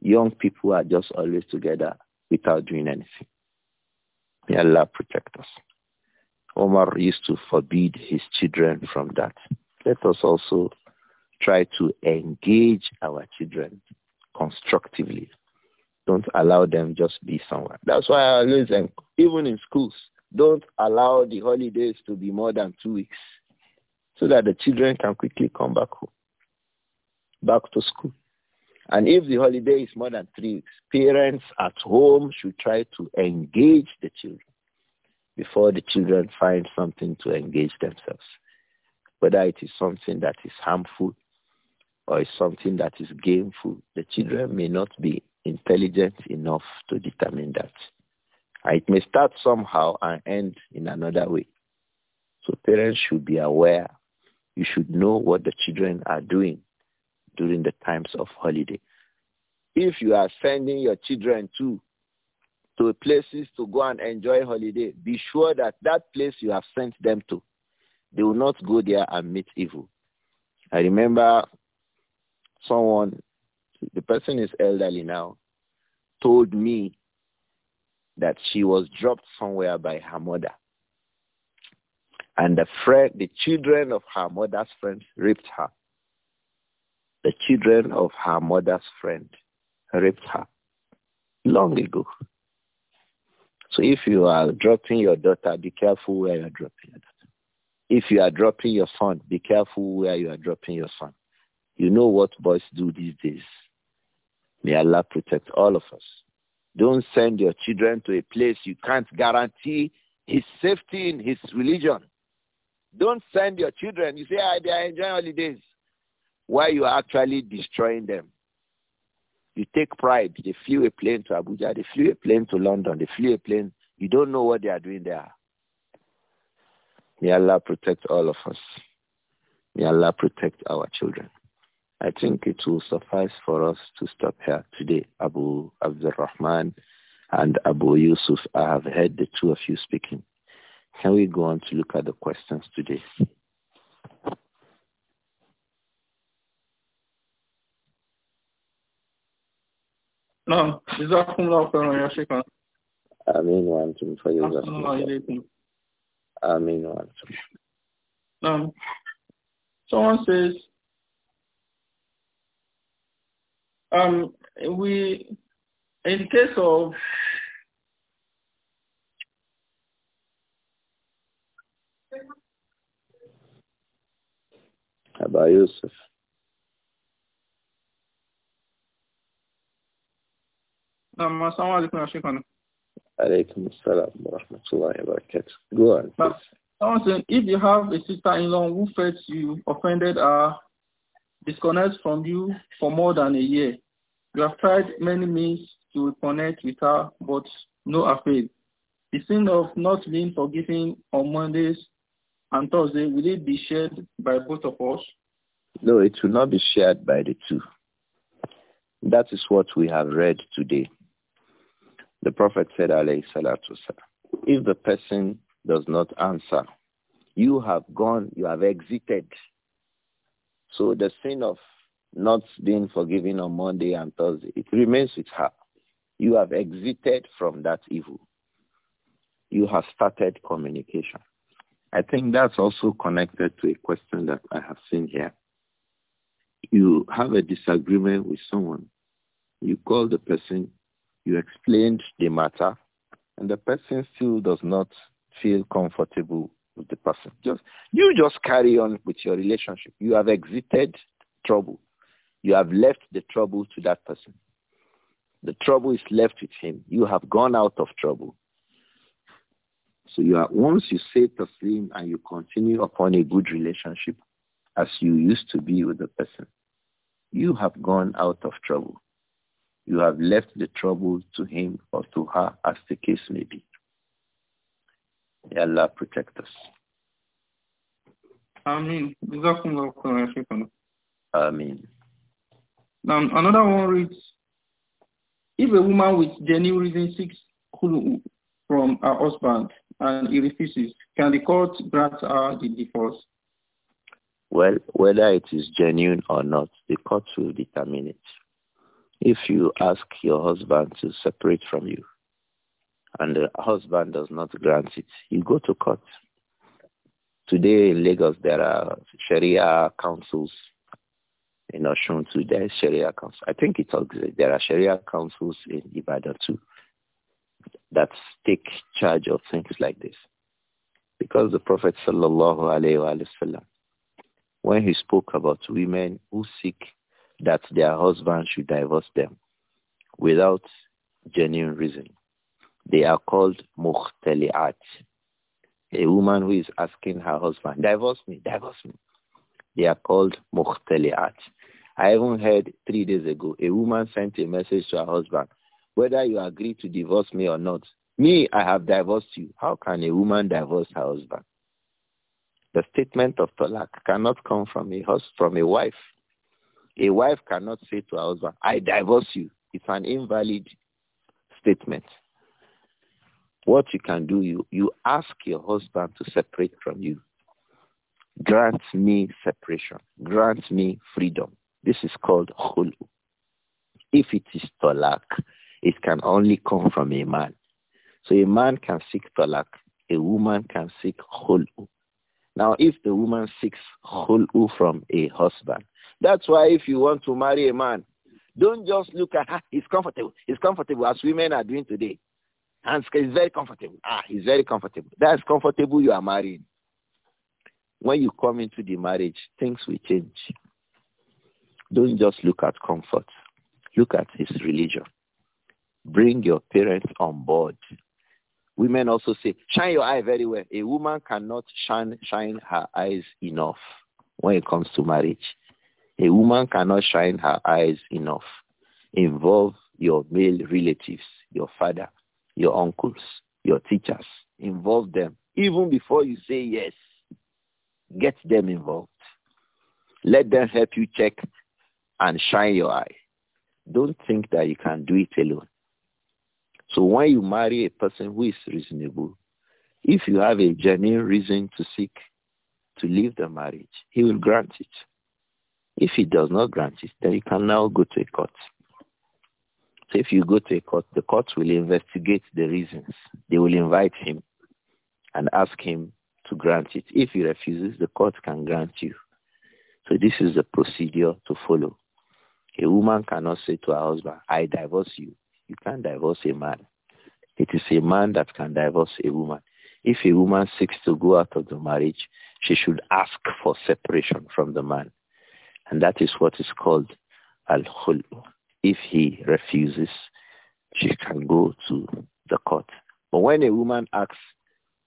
young people are just always together without doing anything. May Allah protect us. Omar used to forbid his children from that. Let us also try to engage our children constructively. Don't allow them just be somewhere. That's why I always, even in schools, don't allow the holidays to be more than two weeks so that the children can quickly come back home, back to school. And if the holiday is more than three weeks, parents at home should try to engage the children before the children find something to engage themselves, whether it is something that is harmful or is something that is gainful, the children may not be intelligent enough to determine that. It may start somehow and end in another way. So parents should be aware. You should know what the children are doing during the times of holiday. If you are sending your children to to places to go and enjoy holiday, be sure that that place you have sent them to, they will not go there and meet evil. I remember someone, the person is elderly now, told me that she was dropped somewhere by her mother. And the, friend, the children of her mother's friend raped her. The children of her mother's friend raped her long ago. So if you are dropping your daughter, be careful where you are dropping your daughter. If you are dropping your son, be careful where you are dropping your son. You know what boys do these days. May Allah protect all of us. Don't send your children to a place you can't guarantee his safety in his religion. Don't send your children. You say, ah, they are enjoying holidays. Why you are actually destroying them. You take pride. They flew a plane to Abuja. They flew a plane to London. They flew a plane. You don't know what they are doing there. May Allah protect all of us. May Allah protect our children. I think it will suffice for us to stop here today. Abu Abdul Rahman and Abu Yusuf, I have heard the two of you speaking. Can we go on to look at the questions today? No, جزاكم الله خيرا يا شيخنا. آمين وأنتم فجزاكم الله إليكم. آمين وأنتم. نعم. Someone says, Um, we, in case of Abba Yusuf. Um, assalamu alaikum, Ashikana. Alaikum assalam wa rahmatullahi wa barakatuh. Go on. Please. Johnson, if you have a sister-in-law who felt you offended her, disconnects from you for more than a year, you have tried many means to reconnect with her, but no avail. The sin of not being forgiven on Mondays and Thursday, will it be shared by both of us? No, it will not be shared by the two. That is what we have read today. The Prophet said, if the person does not answer, you have gone, you have exited. So the sin of not being forgiven on Monday and Thursday. It remains with her. You have exited from that evil. You have started communication. I think that's also connected to a question that I have seen here. You have a disagreement with someone. You call the person. You explained the matter. And the person still does not feel comfortable with the person. Just, you just carry on with your relationship. You have exited trouble. You have left the trouble to that person. The trouble is left with him. You have gone out of trouble. So you are, once you say taslim and you continue upon a good relationship as you used to be with the person, you have gone out of trouble. You have left the trouble to him or to her as the case may be. May Allah protect us. Ameen. Jazakumullah now, another one reads, if a woman with genuine reason seeks hulu from her husband and he refuses, can the court grant her the divorce? Well, whether it is genuine or not, the court will determine it. If you ask your husband to separate from you and the husband does not grant it, you go to court. Today in Lagos, there are Sharia councils in Oshun too, there is Sharia Council. I think it's there are Sharia councils in Ibadan too that take charge of things like this. Because the Prophet sallallahu alaihi wasallam, when he spoke about women who seek that their husband should divorce them without genuine reason, they are called muhtali'at. A woman who is asking her husband, divorce me, divorce me. They are called muhtali'at. I even heard three days ago, a woman sent a message to her husband, whether you agree to divorce me or not, me, I have divorced you. How can a woman divorce her husband? The statement of talak cannot come from a hus- from a wife. A wife cannot say to her husband, I divorce you. It's an invalid statement. What you can do, you, you ask your husband to separate from you. Grant me separation. Grant me freedom. This is called khulu. If it is talak, it can only come from a man. So a man can seek talak, a woman can seek khulu. Now, if the woman seeks khulu from a husband, that's why if you want to marry a man, don't just look at, ah, he's comfortable, he's comfortable, as women are doing today. And he's very comfortable. Ah, he's very comfortable. That's comfortable you are marrying. When you come into the marriage, things will change. Don't just look at comfort. Look at his religion. Bring your parents on board. Women also say, shine your eye very well. A woman cannot shine, shine her eyes enough when it comes to marriage. A woman cannot shine her eyes enough. Involve your male relatives, your father, your uncles, your teachers. Involve them. Even before you say yes, get them involved. Let them help you check and shine your eye. Don't think that you can do it alone. So when you marry a person who is reasonable, if you have a genuine reason to seek to leave the marriage, he will grant it. If he does not grant it, then you can now go to a court. So if you go to a court, the court will investigate the reasons. They will invite him and ask him to grant it. If he refuses, the court can grant you. So this is the procedure to follow. A woman cannot say to her husband, I divorce you. You can't divorce a man. It is a man that can divorce a woman. If a woman seeks to go out of the marriage, she should ask for separation from the man. And that is what is called al-khul. If he refuses, she can go to the court. But when a woman asks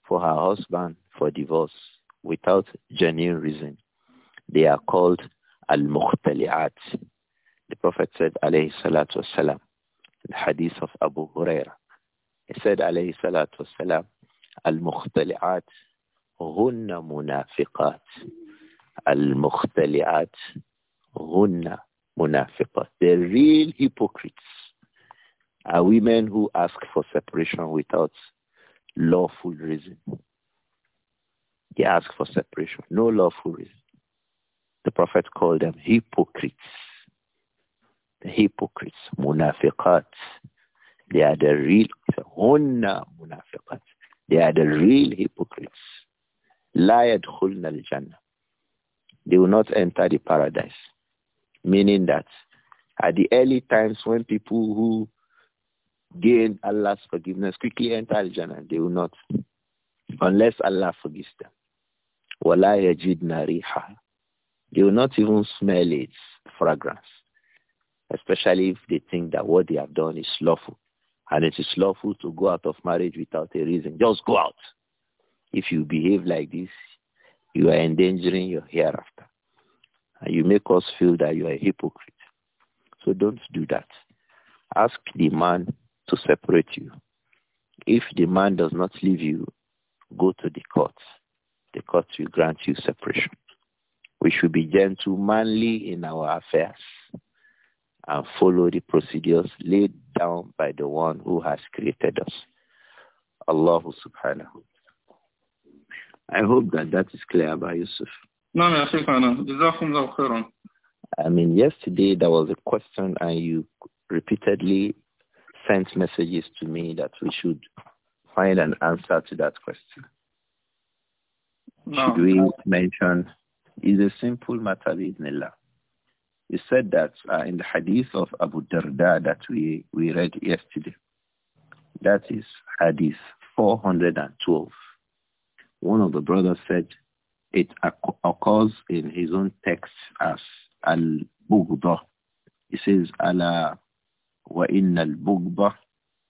for her husband for divorce without genuine reason, they are called al-mukhtali'at the Prophet said, alayhi salatu wasalam, in the hadith of Abu Huraira, he said, alayhi salatu wasalam, al-mukhtali'at hunna munafiqat. Al-mukhtali'at hunna munafiqat. The real hypocrites are women who ask for separation without lawful reason. They ask for separation, no lawful reason. The Prophet called them hypocrites hypocrites, munafiqat. They are the real, hunna munafiqat. They are the real hypocrites. La al-jannah. They will not enter the paradise. Meaning that at the early times when people who gain Allah's forgiveness quickly enter al-jannah, they will not. Unless Allah forgives them. Wala yajidna riha. They will not even smell its fragrance especially if they think that what they have done is lawful. And it is lawful to go out of marriage without a reason. Just go out. If you behave like this, you are endangering your hereafter. And you make us feel that you are a hypocrite. So don't do that. Ask the man to separate you. If the man does not leave you, go to the court. The court will grant you separation. We should be gentlemanly in our affairs and follow the procedures laid down by the one who has created us. Allah subhanahu. I hope that that is clear about Yusuf. No, no, no. I mean, yesterday there was a question and you repeatedly sent messages to me that we should find an answer to that question. No. Should we mention, it's a simple matter, isn't it? He said that uh, in the hadith of Abu Darda that we, we read yesterday. That is hadith 412. One of the brothers said it occurs in his own text as al bugda He says, ala wa inna al-bughda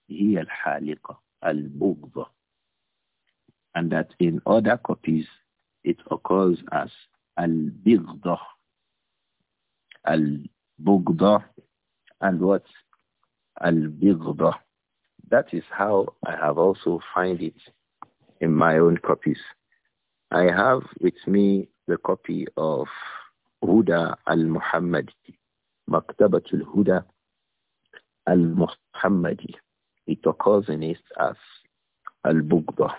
hiya al-haliqa, al-bughda. And that in other copies, it occurs as al-bighda, al-bughda and what? Al-bighda. That is how I have also find it in my own copies. I have with me the copy of Huda al-Muhammadi, Maktabatul Huda al-Muhammadi. It occurs in it as al-Bughda.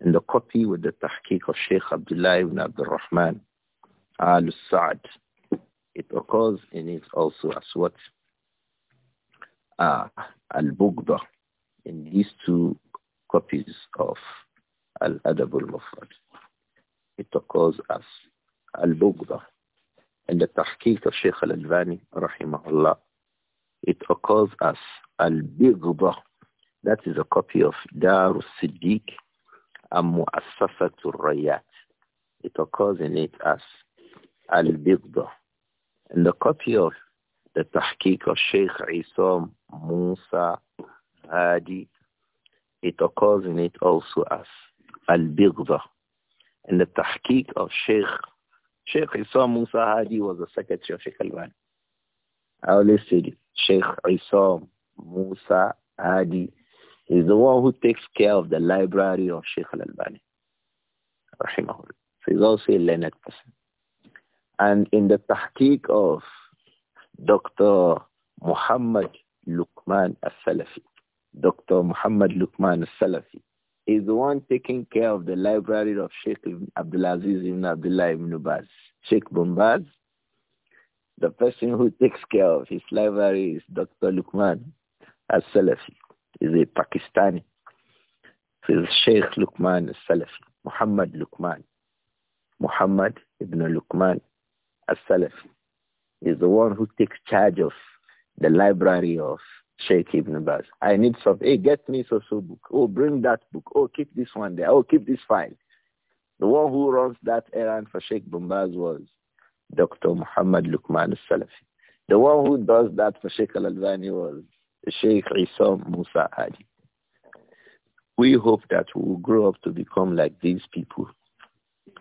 And the copy with the tahqiq of Sheikh Abdullah ibn Abdul Rahman al-Sa'd, it occurs in it also as what? Uh, Al-Bughda in these two copies of Al-Adab al-Mufrad. It occurs as Al-Bughda. In the Tahqiq of Sheikh al-Albani, rahimahullah, it occurs as Al-Bighda. That is a copy of Dar al-Siddiq and Mu'assafatul Rayat. It occurs in it as Al-Bighda. And the copy of the Tahqiq of Sheikh Isam Musa Hadi, it occurs in it also as Al-Bighda. And the Tahqiq of Sheikh, Sheikh Isam Musa Hadi was the secretary of Sheikh Al-Bani. I always said Sheikh Isam Musa Hadi is the one who takes care of the library of Sheikh Al-Albani. So he's also a learned person. And in the tahqiq of Dr. Muhammad Luqman al-Salafi, Dr. Muhammad Luqman al-Salafi is the one taking care of the library of Sheikh Abdulaziz ibn Abdullah ibn Baz. Sheikh Bumbaz, the person who takes care of his library is Dr. Luqman al-Salafi. He's a Pakistani. He's Sheikh Luqman al-Salafi, Muhammad Luqman. Muhammad ibn Luqman as-Salaf is the one who takes charge of the library of Sheikh Ibn Baz. I need some, hey, get me so-so book. Oh, bring that book. Oh, keep this one there. Oh, keep this file. The one who runs that errand for Sheikh Ibn Baz was Dr. Muhammad Luqman As salafi The one who does that for Sheikh al-Albani was Sheikh Isam Musa Hadi. We hope that we will grow up to become like these people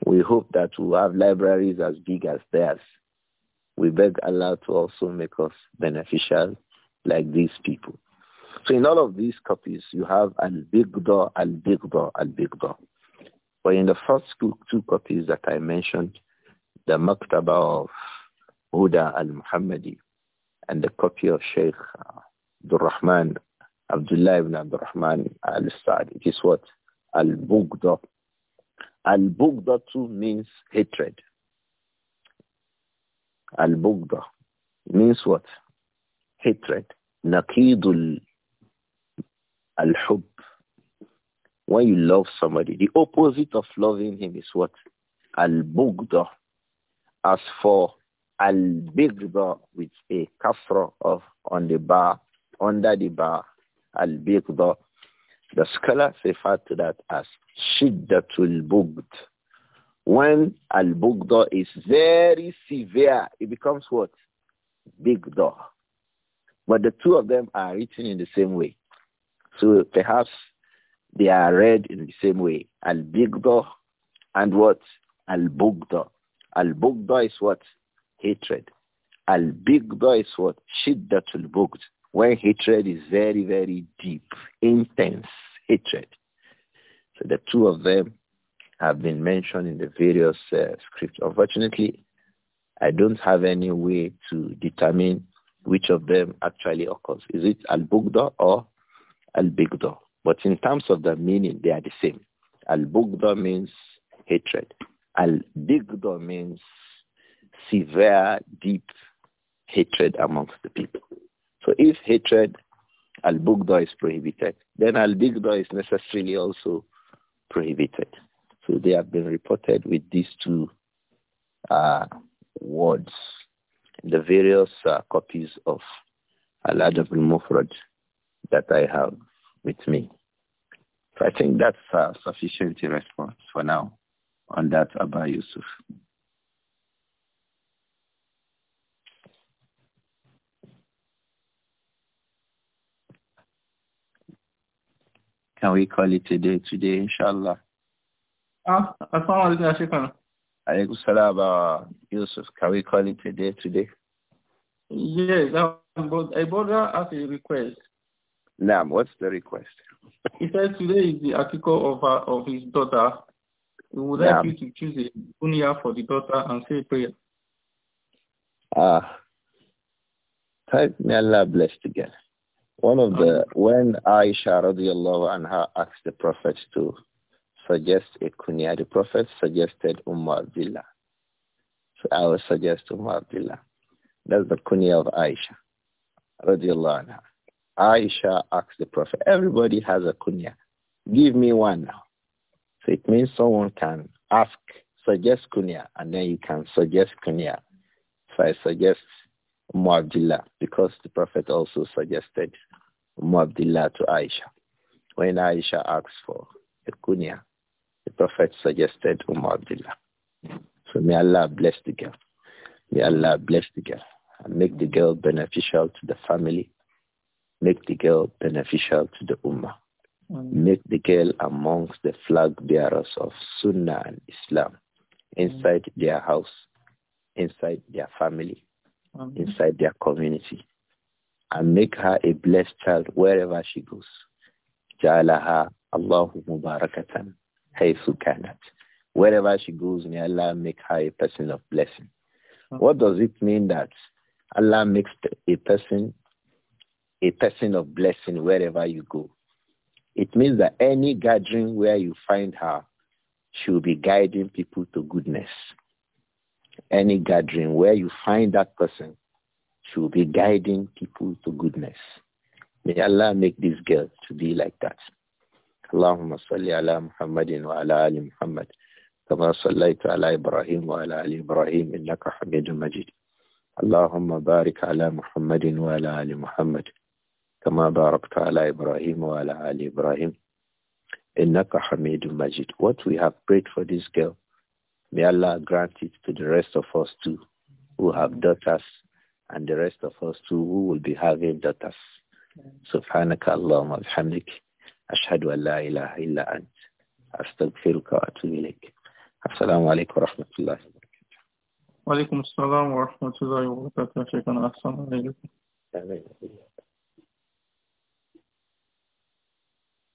we hope that we'll have libraries as big as theirs. We beg Allah to also make us beneficial like these people. So in all of these copies, you have Al-Bigdor, Al-Bigdor, Al-Bigdor. But in the first two, copies that I mentioned, the Maktaba of Huda al-Muhammadi and the copy of Sheikh Abdul Abdullah ibn Abdurrahman al-Sa'd, it is what? Al-Bugda al too means hatred. al bugda means what? Hatred. Nakidul Al-Hub. When you love somebody, the opposite of loving him is what? al bugda As for Al-Bighdha with a kafra of on the bar, under the bar, al bigda the scholars refer to that as shiddatul bugd. When al-bugda is very severe, it becomes what? Big But the two of them are written in the same way. So perhaps they are read in the same way. Al-bigda and what? Al-bugda. al is what? Hatred. Al-bigda is what? Shiddatul bugd where hatred is very, very deep, intense hatred. So the two of them have been mentioned in the various uh, scripts. Unfortunately, I don't have any way to determine which of them actually occurs. Is it al-bugda or al-bigda? But in terms of the meaning, they are the same. Al-bugda means hatred. Al-bigda means severe, deep hatred amongst the people. So if hatred, al bugda is prohibited, then al-bigda is necessarily also prohibited. So they have been reported with these two uh, words in the various uh, copies of Al-Adab al-Mufrad that I have with me. So I think that's uh, sufficient response for now on that, Abba Yusuf. Can we call it a day today, inshallah? Ah, assalamu alaikum, Alaykum salam, uh, Yusuf. Can we call it a day today? Yes, but a brother has a request. Nam, what's the request? He says today is the article of uh, of his daughter. We would like you to choose a dunya for the daughter and say a prayer. Ah, uh, may Allah bless together. One of the, when Aisha radiallahu anha asked the Prophet to suggest a kunya, the Prophet suggested Umm Abdullah. So I will suggest Umm Abdullah. That's the kunya of Aisha radiallahu anha. Aisha asked the Prophet, everybody has a kunya. Give me one now. So it means someone can ask, suggest kunya, and then you can suggest kunya. So I suggest Umm because the Prophet also suggested Umm to Aisha. When Aisha asked for a kunya, the Prophet suggested Umar Abdullah. So may Allah bless the girl. May Allah bless the girl and make the girl beneficial to the family. Make the girl beneficial to the Ummah. Make the girl amongst the flag bearers of Sunnah and Islam inside their house, inside their family, Mm-hmm. inside their community and make her a blessed child wherever she goes. Ja'alaha Allahu mubarakatan haythu kanat. Wherever she goes, may Allah make her a person of blessing. Mm-hmm. What does it mean that Allah makes a person a person of blessing wherever you go? It means that any gathering where you find her, she will be guiding people to goodness any gathering where you find that person should be guiding people to goodness. May Allah make this girl to be like that. اللهم صل على محمد وعلى آل محمد كما صليت على إبراهيم وعلى آل إبراهيم إنك حميد مجيد اللهم بارك على محمد وعلى آل محمد كما باركت على إبراهيم وعلى آل إبراهيم إنك حميد مجيد What we have prayed for this girl May Allah grant it to the rest of us too who have daughters and the rest of us too who will be having daughters. سبحانك اللهم وبحمدك أشهد أن لا إله إلا أنت أستغفرك وأتوب إليك السلام عليكم ورحمة الله وبركاته وعليكم السلام ورحمة الله وبركاته شكرا أحسن عليكم